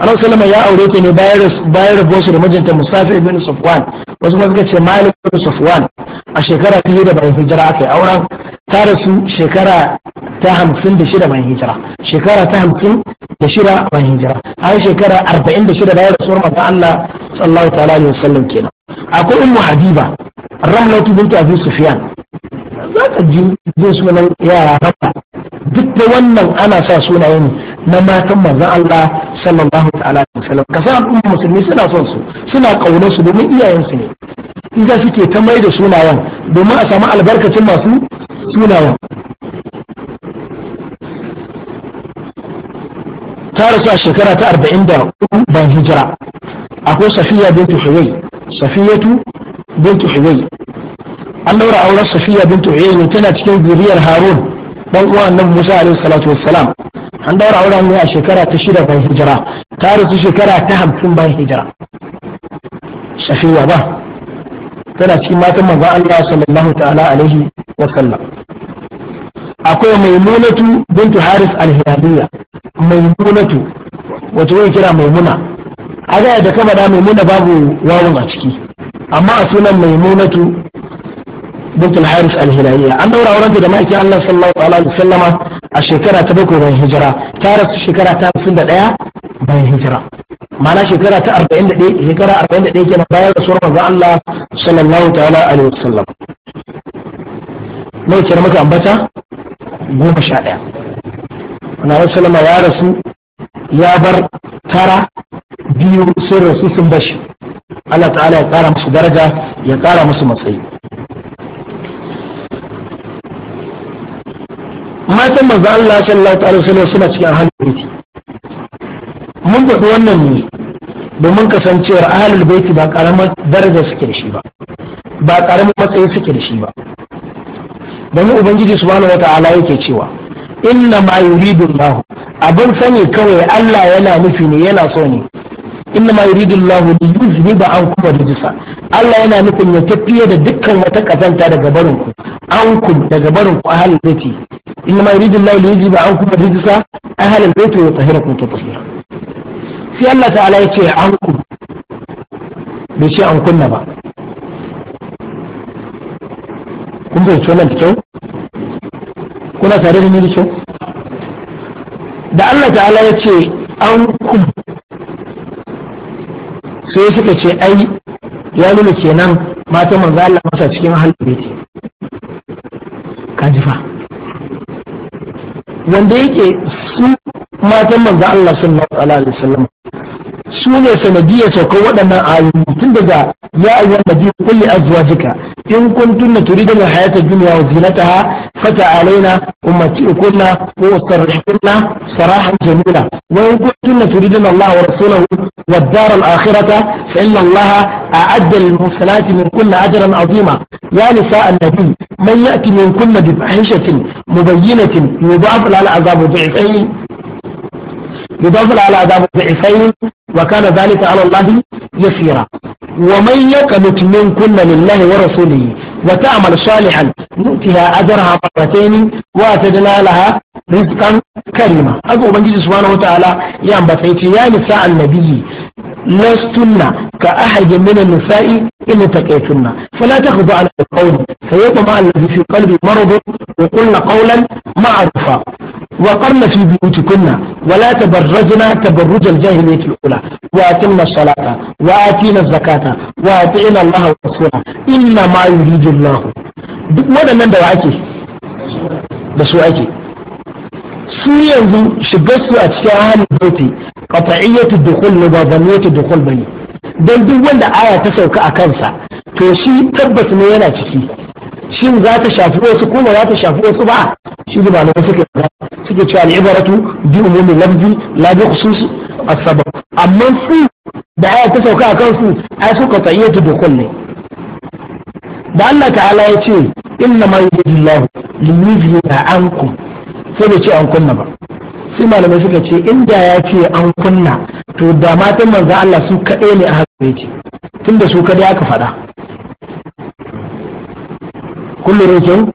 annabi sallama ya aure ta ne bayan rabuwar da mijinta musafir ibn safwan wasu kuma suka ce malik ibn safwan a shekara ta da bayan hijira aka yi auren ta rasu shekara ta hamsin da shida bayan hijira shekara ta hamsin da shida bayan hijira har shekara arba'in da shida bayan rasuwar mata allah sallallahu ta'ala alaihi wasallam kenan akwai ummu habiba rahmatu bintu abi sufyan za ka ji jin sunan yara rabba duk da wannan ana sa sunayen ne na matan manzon Allah sallallahu ta'ala alaihi wasallam kasan al'umma musulmi suna son su suna kaunar su domin iyayen su ne in suke ta mai da sunayen domin a samu albarkacin masu sunayen ta rasu a shekara ta arba'in da ban hijira akwai safiya bintu huwai safiyatu bintu huwai an daura auren safiya bintu huwai ne tana cikin zuriyar harun dan uwa annabi Musa alaihi salatu wassalam an daura auren ne a shekara ta shida bayan hijira ta rasu shekara ta hamsin bayan hijira shafiwa ba tana cikin matan manzon Allah sallallahu ta'ala alaihi sallam akwai maimunatu bintu haris alhilaliya maimunatu wato wani kira maimuna aga da kama da maimuna babu wawun a ciki amma a sunan maimunatu بنت الحارث الهلالية عند أورا أورا دي دمائك الله صلى الله عليه وسلم الشكرة تبكو بين هجرة تارس الشكرة تارس سندة ديا بين هجرة معنى شكرة أربعين دي هجرة أربعين دي كنا بايا رسول الله صلى الله تعالى عليه وسلم ما يتشير مكا أمبتا بوما شاعر أنا رسول الله يا رسول يا بر ترى بيو سر رسول الله تعالى يقارى مصدرجة يقارى مصدرجة matan manzo Allah sallallahu alaihi wasallam suna cikin halin baiti mun faɗi wannan ne domin kasancewar ahlul baiti ba karamar daraja suke da shi ba ba karamar matsayi suke da shi ba domin ubangiji subhanahu wata'ala yake cewa inna ma yuridu Allah abin sani kawai Allah yana nufi ne yana so ne inna ma yuridu Allah li yuzhiba ankum rijsa Allah yana nufin ya tafiye da dukkan wata kazanta daga barin ku ankum daga barin ku ahlul baiti inna ma yuridu Allah li yuzhiba ankum rijsa ahlul baiti wa tahirakum tatheera sai Allah ta'ala yace ankum bai shi an kunna ba kun bai ce nan kyau kuna tare da ni da kyau da Allah ta'ala yace an kum sai suka ce ai ya nuna kenan matan manzo Allah masa cikin ahlul baiti kaji fa wanda yake su matan manzo Allah sallallahu alaihi wasallam su ne sanadiyar saukar waɗannan ayoyi tun daga ya ayyuhan nabi kulli azwajika in kuntunna turidun hayata dunya wa ha fata alaina ummatikunna wa usarrihkunna sarahan jamila wa in kuntunna turidun Allah wa rasulahu wa dar al-akhirata fa inna Allah a'adda lil muhsanati min kulli ajran azima ya nisa annabi man ya'ti min kulli bi fahishatin mubayyinatin yudha'af lahu azabu bi'ain يضاف على عذاب ضعفين وكان ذلك على الله يسيرا ومن يقنت منكن لله ورسوله وتعمل صالحا نؤتها اجرها مرتين واعتدنا لها رزقا كريما اقول من سبحانه وتعالى يا بسيتي يا نساء النبي لستن كأحد من النساء إن تقيتن فلا تخضعن بالقول فيطمع الذي في قلبه مرض وقلن قولا معروفا وقرن في بيوتكن ولا تبرجنا تبرج الجاهلية الأولى وأتمنا الصلاة وآتينا الزكاة وأطعنا الله ورسوله إنما يريد الله duk waɗannan da ake da su ake su yanzu shigar su a cikin halin bauti qat'iyyatu dukhul ne ba zaniyatu dukhul bane dan duk wanda aya ta sauka a kansa to shi tabbas ne yana ciki shin za ta shafi wasu ko ba za ta shafi wasu ba shi da malamai suke suke cewa al'ibaratu bi umumi lafzi la bi khusus asbab amma su da aya ta sauka a su ai su ka tayyatu dukul ne da Allah ta'ala ya ce inna ma yuridullahu liyuzhiba ankum sai da ce an kunna ba sai malamai suka ce inda ya ce an kunna to da matan manzo Allah su kaɗai ne a haka yake tunda su kaɗai aka faɗa kullum kyau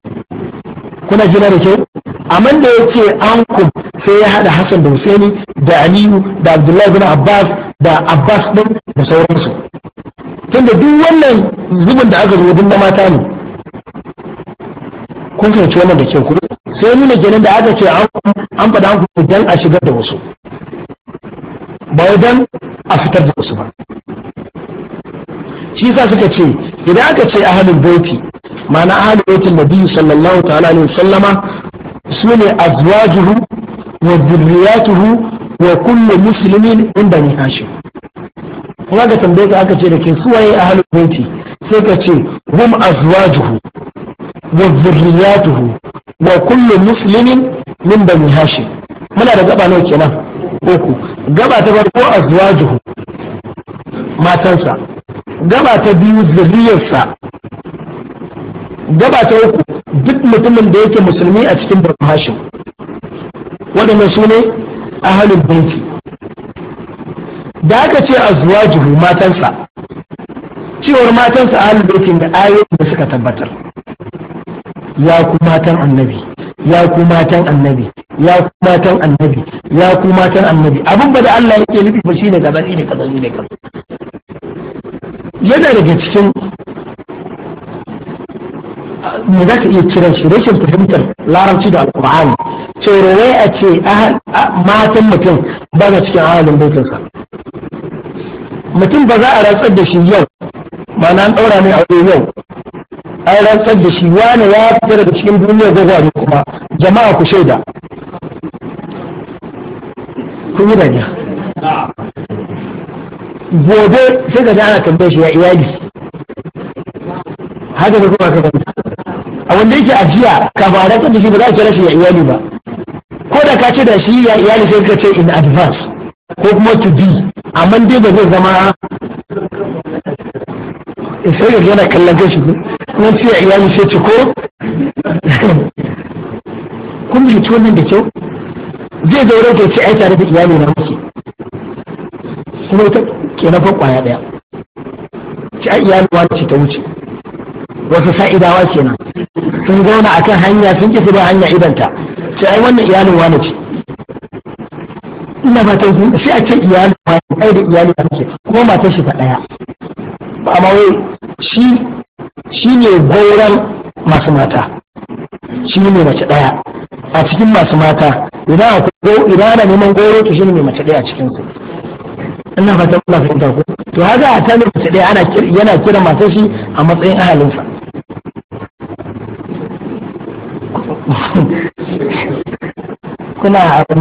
kuna jina da kyau amma da ya ce an ku sai ya haɗa hassan da husaini da aliyu da abdullahi bin abbas da abbas ɗin da sauransu tunda duk wannan zubin da aka zo na mata ne kun fahimci wannan da kyau kuma sai nuna ganin da aka ce an faɗa an ku dan a shigar da wasu ba wai dan a fitar da wasu ba shi yasa suka ce idan aka ce ahalin baiti ma'ana ahli da biyu sallallahu ta'ala ne sallama su ne azwajuhu wa dhurriyatuhu wa kullu muslimin inda ne kashi kuma ga tambaye ka aka ce da ke suwaye ahli baiti sai ka ce hum azwajuhu wa dhurriyatuhu wa kullu muslimin min bani hashim muna da gaba nawa kenan uku gaba ta farko azwajuhu matansa gaba ta biyu zuriyarsa gaba ta uku duk mutumin da yake musulmi a cikin banu waɗanda su ne ahalin banki. da aka ce a zuwa juhu matansa cewar matansa halin baitin da ayoyin da suka tabbatar ya ku matan annabi ya ku matan annabi ya ku matan annabi ya ku matan annabi abin ba da Allah yake nufi ba shine gaba ne kaza ne kaza yana daga cikin me za ka iya kiran shi rashin fahimtar larabci da alkur'ani cewar wai a ce matan mutum ba na cikin ahalin bautinsa mutum ba za a rantsar da shi yau ma'ana an ɗaura mai aure yau an rantsar da shi wani ya fitar da cikin duniya duniyar ne? kuma jama'a ku shaida kun yi dariya gobe sai ka ana tambaye shi ya iyali haka da kuma ka a wanda yake ajiya ka ba da kan shi ba za ka kira shi ya iyali ba ko da ka ce da shi ya iyali sai ka ce in advance ko kuma to be amma dai ba zai zama sai ya yana kallon kashi kuma sai ya iyali sai ce ko kun bi nan da kyau zai zaure ka ce ai tare da iyali na muke kuma ita kenan fa kwaya daya ci ai iyali wani ce ta wuce wasu sa'idawa kenan sun zauna kan hanya sun ƙi ba hanya idanta
sai ai wannan iyalin wane ce
ina fatan yi sai a ce iyalin wane kai da iyalin wane ce kuma matar shi ta ɗaya. ba ma wai shi shi ne gauran masu mata shi ne mace ɗaya a cikin masu mata idan akwai idan ana neman goro to shi ne mai mace ɗaya a cikin su ina fatan ba fahimta ku. to haka a tanin mace ɗaya ana yana kira matar shi a matsayin ahalinsa kuna abin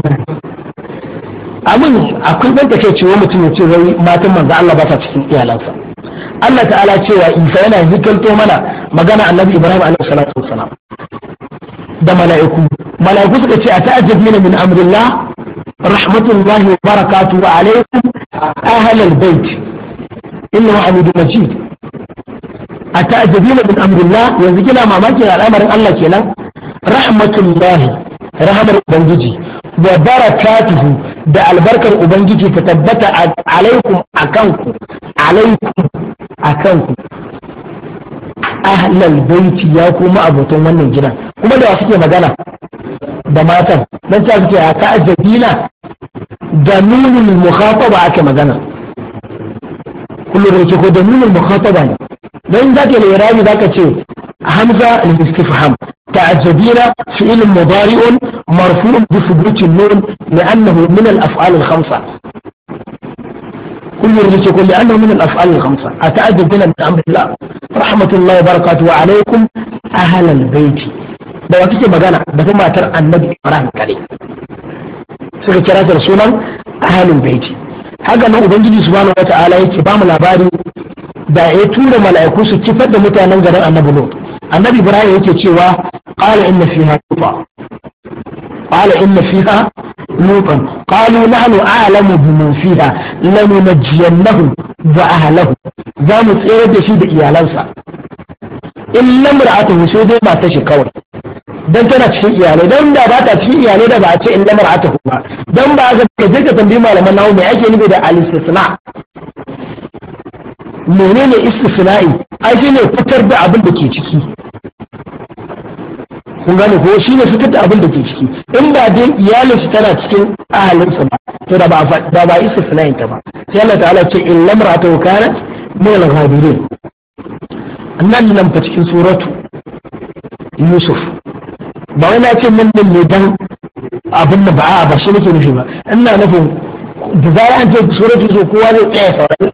abin akwai ban take cewa mutum ya ce wai matan manzo Allah ba ta cikin iyalansa Allah ta'ala cewa Isa yana zikanto mana magana Annabi Ibrahim alaihi salatu wassalam da mala'iku mala'iku suka ce ata'ajjab mina min amrillah rahmatullahi wa barakatuhu alaikum ahlal bait innahu hamidum majid ata'ajjabina min amrillah yanzu kina mamakin al'amarin Allah kenan lahi rahmar ubangiji wa barakatuhu da albarkar ubangiji ta tabbata alaikum akanku alaikum akanku ahlal baiti ya kuma abotan wannan gidan kuma da suke magana da matan dan ta suke aka ajabina da nunin mukhataba ake magana kullu da ko da nunin mukhataba ne dan zaka yi ne zaka ce hamza al-istifham تعجبين فعل مضارع مرفوع بثبوت النون لأنه من الأفعال الخمسة كل يرجع يقول لأنه من الأفعال الخمسة أتعجبين من أمر الله رحمة الله وبركاته عليكم أهل البيت da wata ce magana da kuma matar annabi Ibrahim kare suka kira ta sunan ahalin baiti haka nan ubangiji subhanahu wata'ala yake ba mu labari da ya tura mala'iku su kifar da mutanen garin annabi Lot annabi Ibrahim yake cewa قال إن فيها لوطا قال إن فيها لوطا قالوا نحن أعلم بمن فيها لننجينه وأهله za mu tsere da shi da iyalansa in lamra'atuhu sai ba kawai dan tana cikin iyalai dan da ba ta cikin iyalai da ba a ce in lamra'atuhu ba dan ba ga ka je ka tambayi malaman nawo me ake nufi da al-istisna menene istisna'i ai shine fitar da abin da ke ciki kun gane ko shi ne fitar da abin da ke ciki in ba dai iyalin su tana cikin ahalinsa ba to da ba ba isa sunayin ta ba sai Allah ta'ala ce in lamra ta kana mai al-ghabirin annan nan fa cikin suratu Yusuf ba wai na ce min din ne dan abin da ba ba shi nake nufi ba ina nufin da zai an ce suratu Yusuf kowa zai tsaya sauran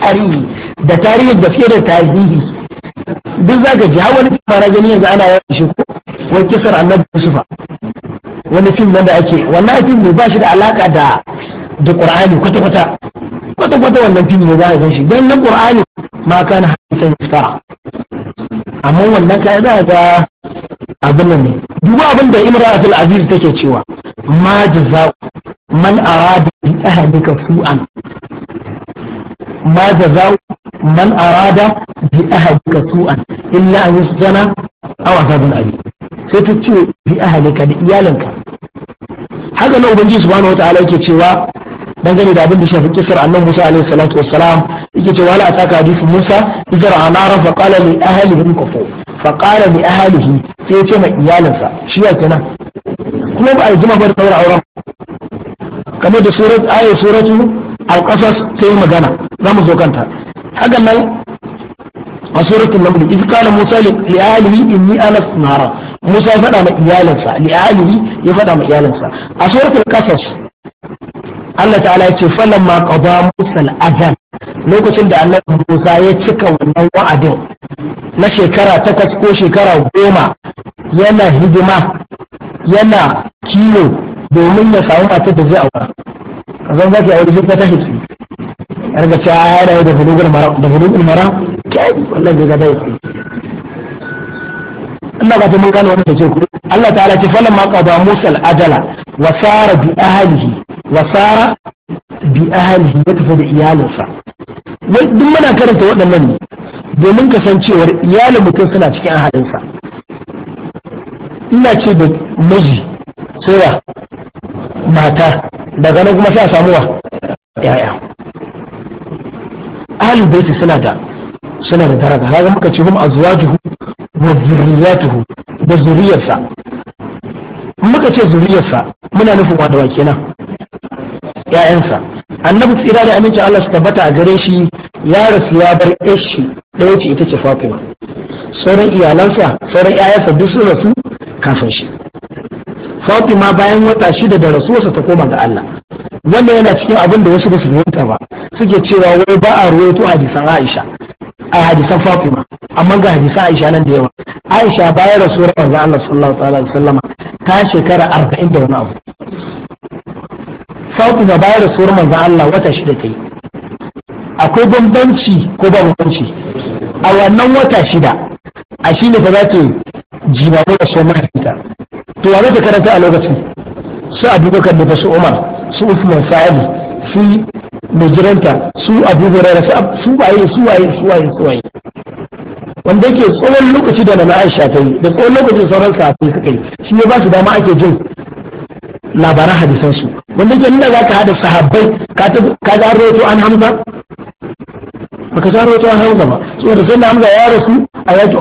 tarihi da tarihi da fiye da tarihi duk za ka ji har wani fara gani yanzu ana yawan shi ko wai kisar annabi yusufa wani fim nan da ake wannan fim ne ba shi da alaka da da qur'ani kwata kwata kwata kwata wannan fim ne za a gan shi dan nan qur'ani ma kana hadisan fara. amma wannan kai za ga abin nan ne duba abin da imratul aziz take cewa ma jaza'u man arada bi ahlika su'an ما جزاء من أراد بأهلك سوءا إلا أن يسجن أو عذاب أليم sai ta ce bi ahalika da iyalinka haka nan ubangiji subhanahu wataala yake cewa dangane da abin da shafi kisar annabi Musa alaihi salatu wassalam yake cewa la ataka hadithu Musa idara anara fa qala li ahlihi kufu fa qala li ahlihi sai ya ce ma iyalinsa shi ya nan kuma ba a jima ba da daura auren kamar da surat ayat suratu al-qasas sai magana za mu zo kanta hakan nan a suratul naml iz qala musa li ahlihi inni anastu nara musa ya faɗa ma iyalinsa li ahlihi ya faɗa ma iyalinsa a suratul qasas Allah ta'ala ya ce falamma qada musa al-ajal lokacin da annabi musa ya cika wannan wa'adin na shekara takwas ko shekara goma yana hidima yana kiwo domin ya samu matar da zai aura kazan zaki aure sai ta tashi yar ga ta yana da da bulugul mara kai wannan bai gaba yake Allah ba ta mun gane wannan take ku Allah ta'ala ce falan ma qada Musa al-ajala wa sara bi ahlihi wa sara bi ahlihi ya tafi da iyalinsa wai duk muna karanta waɗannan ne domin kasancewar iyalin mutum suna cikin ahalinsa ina ce da miji sai mata daga nan kuma sai a samuwa yaya ahalin baiti suna da suna da daraja kaga muka ce hum azwajuhu wa zurriyatuhu da zuriyarsa muka ce zuriyarsa muna nufin wa dawa kenan ƴaƴansa annabi tsira da amincin Allah su tabbata a gare shi ya rasu ya bar ishi ɗaya ce ita ce Fatima sauran iyalansa sauran ƴaƴansa duk sun rasu kafin shi Fatima bayan wata shida da rasuwarsa ta koma ga Allah wannan yana cikin abin da wasu ba su fahimta ba suke cewa wai ba a ruwaito hadisan Aisha a hadisan fatima amma ga hadisan aisha nan da yawa aisha bayan rasuwar manzo Allah sallallahu alaihi wasallam ta shekara 40 da wani abu fatima bayan rasuwar manzo Allah wata shida ta yi akwai bambanci ko ba bambanci a wannan wata shida a shi ne fa za ta jibabu da su mahaifinta to wa za ta karanta a lokacin su abubakar da su umar su usman sa'ali su bijiranta su abu hurairah su waye su waye su waye su waye wanda yake tsawon lokaci da nana aisha ta yi da tsawon lokacin sauran kafin suka yi shi ne ba su dama ake jin labaran hadisan su wanda yake nuna za ka hada sahabbai ka ga roto an hamza baka ga roto an hamza ba saboda sai hamza ya rasu a yaki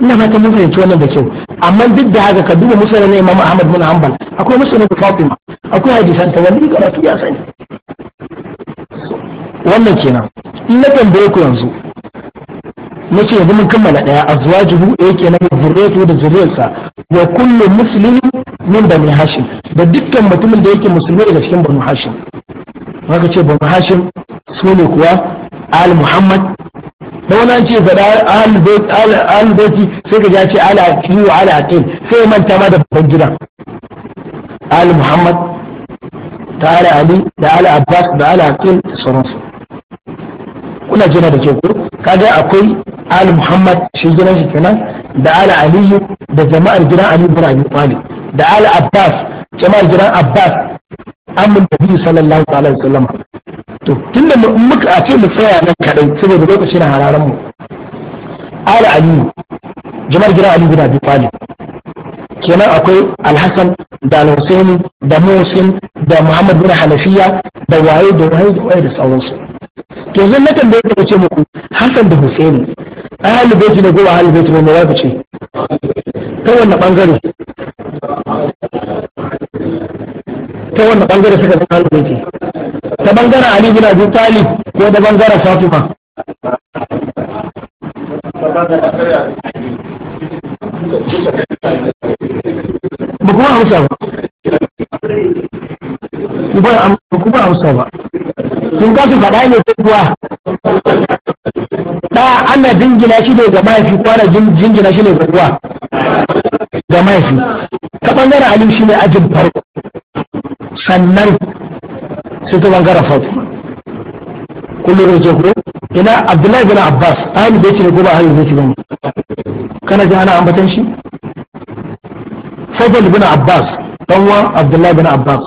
ina fatan mun fahimci wannan da kyau amma duk da haka ka duba musulun na imam ahmad bin hanbal akwai musulun fatima akwai hadisan ta wani karatu ya sani wannan kenan in na tambaye ku yanzu Na ce yanzu mun kammala daya azwajuhu ɗaya kenan zurriyatu da zurriyarsa wa kullu muslimin min bani hashim da dukkan mutumin da yake musulmi daga cikin bani hashim haka ce bani hashim su ne kuwa al muhammad da wani ce faɗa albaiti sai ka ce ala kiwo ala aqil sai manta ma da babban gida ali muhammad ta ala ali da ala abbas da ala aqil da sauransu kuna jina da ke ku kaga akwai ali muhammad shi gina shi kenan da ala aliyu da jama'ar gina ali ibn abi talib da ala abbas jama'ar gina abbas amin biyu sallallahu alaihi wasallam to tunda muka a ce mu tsaya nan kaɗai saboda lokaci na hararan mu ala ali jama'ar gidan aliyu guda bi fali, kenan akwai alhasan da alhussein da musin da muhammad bin hanafiya da waye da waye da waye da sauransu to zan na tambaye da ce muku hassan da husaini ahli baiti ne gowa ahli baiti ne mai ce ta wannan bangare ta wanda bangare suka zama ahlul ta bangaren ali bin abi talib ko da bangaren fatima ba kuma hausa ba ba kuma hausa ba sun kasu faɗa ne ko kuwa da ana jingina shi ne ga mahaifi kwana jingina shi ne ga uwa ga mahaifi ta bangaren ali shi ne ajin farko sannan sai ta bangaren fatima kullum da ko ina abdullahi bin abbas ahli baiti ne ko ba zai baiti bane kana ji ana ambatan shi fadl bin abbas danwa abdullahi bin abbas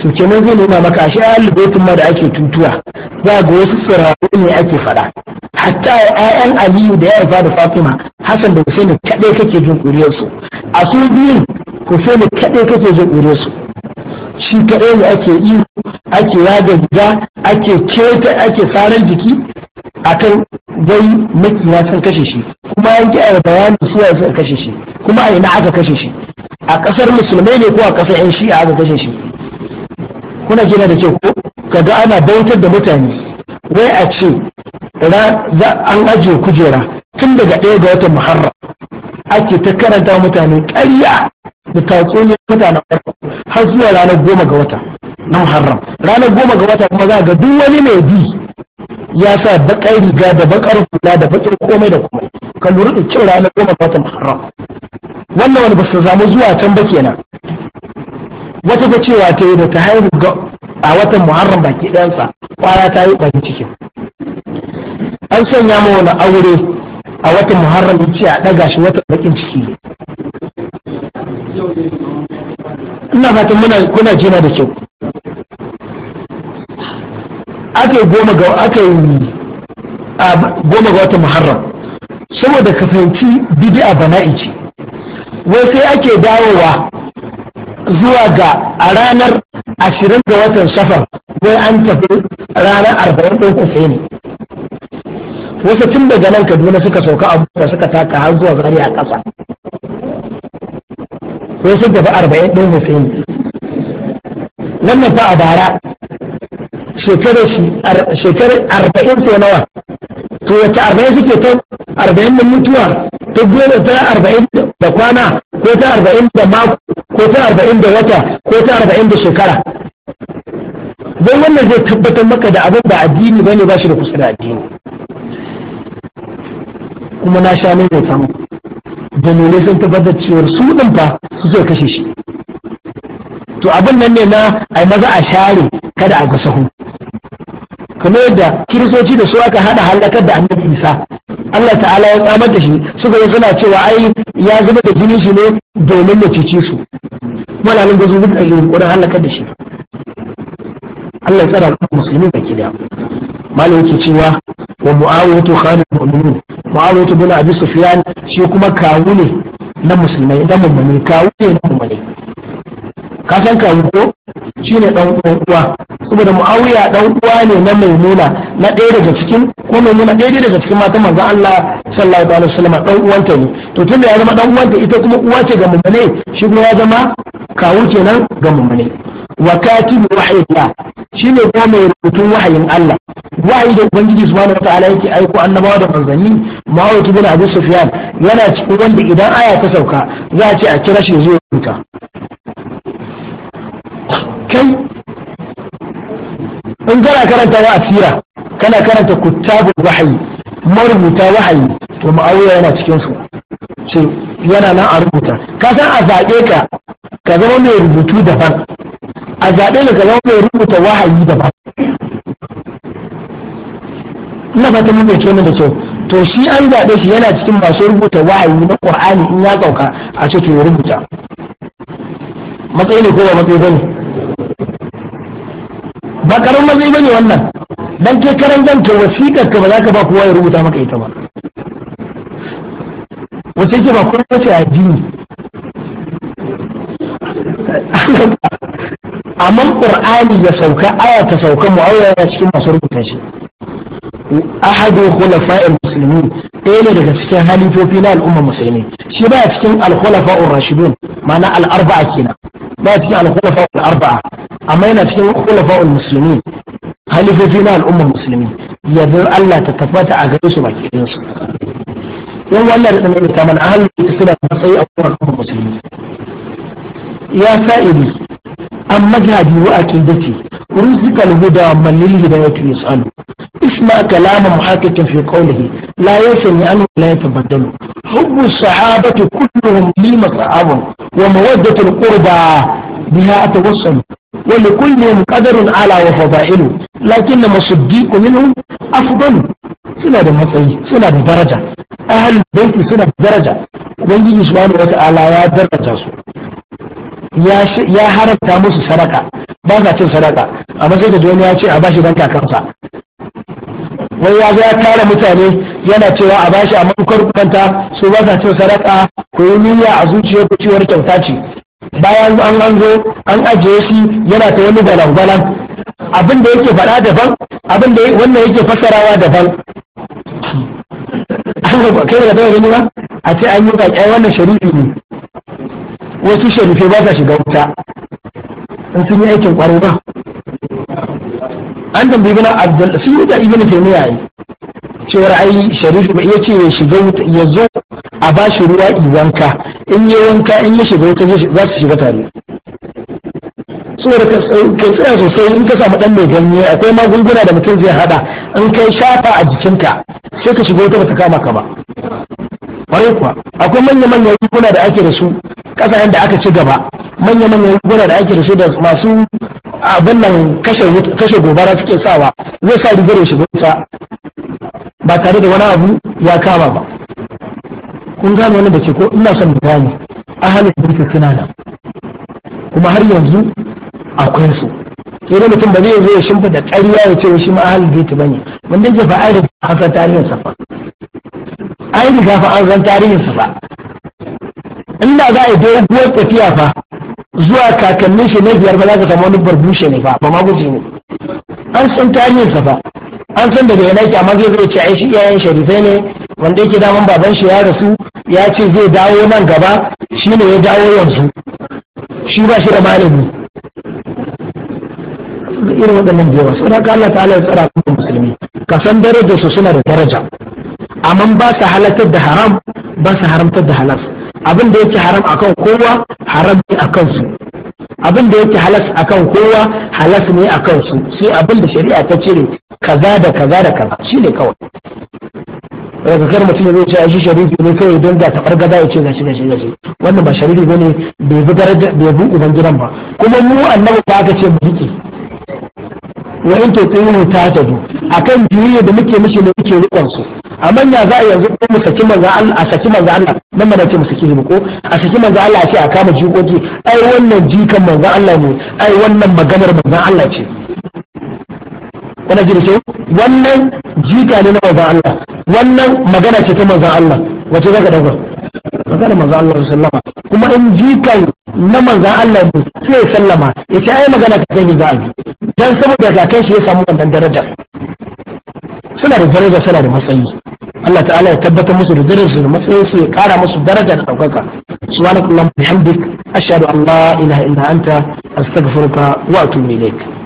to kenan zai nuna maka ashe ahli baitin ma da ake tutuwa za ga wasu tsirarai ne ake fada hatta ƴaƴan aliyu da ya haifa da fatima hasan da husaini kadai kake jin kuriyarsu a su biyun husaini kadai kake jin kuriyarsu shi kaɗai ne ake iyo ake yaga gida ake keta ake jiki akan dai makiya sun kashe shi kuma yanki a bayanin suwa suka kashe shi kuma a ina aka kashe shi a ƙasar musulmai ne ko a ƙasar yan shi'a aka kashe shi kuna gina da kyau ko kaga ana bautar da mutane wai a ce an ajiye kujera tun daga ɗaya ga watan muharram ake ta karanta mutane ƙarya da tatsuniyar mutanen farko har zuwa ranar goma ga wata na muharram ranar goma ga wata kuma za ga duk wani mai bi ya sa bakar riga da bakar hula da bakin komai da komai ka lura da kyau ranar goma ga wata muharram wannan wani basu su zuwa can ba kenan wata ta cewa ta yi da ta haihu a watan muharram baki ɗansa kwara ta yi ɓari cikin an sanya ma wani aure a watan muharram ya ce a ɗaga shi watan bakin ciki ina fatan muna kuna jina da kyau aka yi goma ga aka yi goma ga wata muharram saboda ka fahimci a bana'i ce wai sai ake dawowa zuwa ga a ranar ashirin ga watan safar wai an tafi ranar arba'in ɗin ne. wasu tun daga nan kaduna suka sauka abubuwa suka taka har zuwa zari a ƙasa sai sun tafi arba'in ɗin Hussein na fa a bara shekarar arba'in sai nawa to wace arba'in suke ta arba'in da mutuwa ta goma ta arba'in da kwana ko ta arba'in da mako ko ta arba'in da wata ko ta arba'in da shekara don wannan zai tabbatar maka da abin ba addini ba ne ba shi da kusa da addini kuma na sha ne mai samu dalilai sun tabbatar cewar su din fa su zo kashe shi to abin nan ne na ai maza a share kada a hu kamar yadda kirisoci da su aka hada halakar da annabi isa Allah ta'ala ya tsamar da shi suka yi suna cewa ai ya zama da jini shi ne domin ya cece su malalin gazo duk yin yunkurin halakar da shi Allah ya tsara musulmi baki da malam yake cewa wa mu'awatu khalid mu'minin ma'awiya ta bin abi sufyan shi kuma kawu ne na musulmai na mummune kawu ne na mummune ka san kawu ko shi ne ɗan uwa saboda mu'awiya ɗan uwa ne na maimuna na ɗaya daga cikin ko maimuna ɗaya daga cikin matan manzon Allah sallallahu alaihi wasallam ɗan uwanta ne to tunda ya zama ɗan uwanta ita kuma uwa ce ga mummune shi kuma ya zama kawu kenan ga mummune wa katibu wahayillah shine ko mai rubutun wahayin Allah wahayi da ubangiji subhanahu wataala yake aiko annabawa da manzanni ma'awai bin abu sufyan yana cikin wanda idan aya ta sauka za a ce a kira shi zuwa rubuta kai in kana karanta wa asira kana karanta kutabul wahayi marubuta wahayi to ma'awiya yana cikin su sai yana nan a rubuta ka san a zaɓe ka ka zama mai rubutu daban a zaɓe da gaba zama mai rubuta wahayi da ba ina fata mun ce da kyau to shi an zaɓe shi yana cikin masu rubuta wahayi na ƙur'ani in ya ɗauka a ce to rubuta matsayi ne ko ba matsayi ne. ba karamin matsayi bane wannan dan ke karan zanta wasiƙar ka ba za ka ba kowa ya rubuta maka ita ba wace ke ba kuma ce addini amma qur'ani ya sauka aya ta sauka muawiya yana cikin masu rubuta shi ahadu khulafa'il muslimin ɗaya ne daga cikin halifofi na al'ummar musulmi shi baya cikin al-khulafa'ur rashidun ma'ana al-arba'a kenan baya cikin al-khulafa'ul arba'a amma yana cikin khulafa'ul muslimin halifofi na al'ummar musulmi yardar Allah ta tabbata a gare su baki ɗayan su yan wannan da ɗan ta mana ahalin ta suna matsayi a kuma al'ummar musulmi ya sa'idi an magana bi wa akin dace rizqal huda man lil hidayati yasalu isma kalama muhaqqiqan fi qawlihi la yashmi an la yatabaddalu hubbu sahabati kulluhum li masabun wa mawaddatul qurba bima atawassalu wa li kullihim qadarun ala wa fadailu lakinna masiddiqu minhum afdalu suna da matsayi suna da daraja ahlul baiti suna da daraja ubangiji subhanahu wasu ala ya daraja su ya haramta musu sadaka ba sa cin sadaka amma sai da wani ya ce a bashi dan kakansa wai ya ya tara mutane yana cewa a bashi a manukar kanta su ba sa cin sadaka ko yi niyya a zuciyar ku ciwar kyauta ce bayan an an ajiye shi yana ta wani balan-balan abin da yake faɗa daban abin da wannan yake fassarawa daban kai da kai gani ba a ce an yi baƙi wannan sharifi ne wasu sharifai ba sa shiga wuta in sun yi aikin kwarai ba an tambayi ibn abdul sun yi da ibn taymiya yi cewa ra'ayi sharif ba iya ce ya shiga wuta ya zo a ba shi ruwa wanka in yi wanka in yi shiga wuta za su shiga tare saboda ka tsaya sosai in ka samu dan mai ganye akwai magunguna da mutum zai hada in kai shafa a jikinka sai ka shiga wuta ba ta kama ka ba kwarai kuwa akwai manya manya riguna da ake da su kasashen da aka ci gaba manya-manyan riguna da ake da su da masu abin nan kashe gobara suke sawa zai sa rigar ya shiga wuta ba tare da wani abu ya kama ba kun gano wani da ke ko ina son bayani halin birka suna nan kuma har yanzu akwai su sai da mutum ba zai zo ya shimfa da ƙarya ya ce shi ma ahalin birka bane wanda ke fa ai riga an tarihin fa ai riga fa an zan tarihin sa fa inda za a doguwar tafiya fa zuwa kakannin shi na biyar ba za ka samu wani barbushe ne fa ba ma gudu ne an san sa fa an san daga yana ki amma zai zai ce ai shi iyayen sharifai ne wanda yake mun baban shi ya rasu ya ce zai dawo nan gaba shi ne ya dawo yanzu shi ba shi da malami irin waɗannan biyar suna da Allah ta halar tsara kuma musulmi ka san darajar su suna da daraja amma ba su halatar da haram ba su haramtar da halar. abin da yake haram akan kowa haram ne akan su abin da yake halas akan kowa halas ne akan su sai abin da shari'a ta cire kaza da kaza da kaza shine kawai daga kar mutum zai ce shi sharifi ne kawai don ga tabar gada ya ce shi gashi gashi wannan ba sharifi bane bai bi daraja bai bi ubangidan ba kuma mu annabi ba ka ce biki wa in to tsinu ta tadu akan juriya da muke mishi ne muke rikon su A manya za a yanzu ko mu saki manzo Allah a saki manzo Allah nan mana ce mu saki ne ko a saki manzo Allah a ce a kama jikoki ai wannan jikan manzo Allah ne ai wannan maganar manzo Allah ce wannan ji da wannan jika ne na manzo Allah wannan magana ce ta manzo Allah wace zaka dauka magana manzo Allah sallama kuma in jikan na manzo Allah ne sai sallama ya ce ai magana ta kai manzo Allah dan saboda kai shi ya samu wannan daraja suna da daraja suna da matsayi Allah ta'ala ya tabbatar musu da su da matsayin su ya kara musu daraja da daukaka subhanakallahumma
bihamdik ashadu allah ina ilaha illa anta astaghfiruka wa atubu ilaik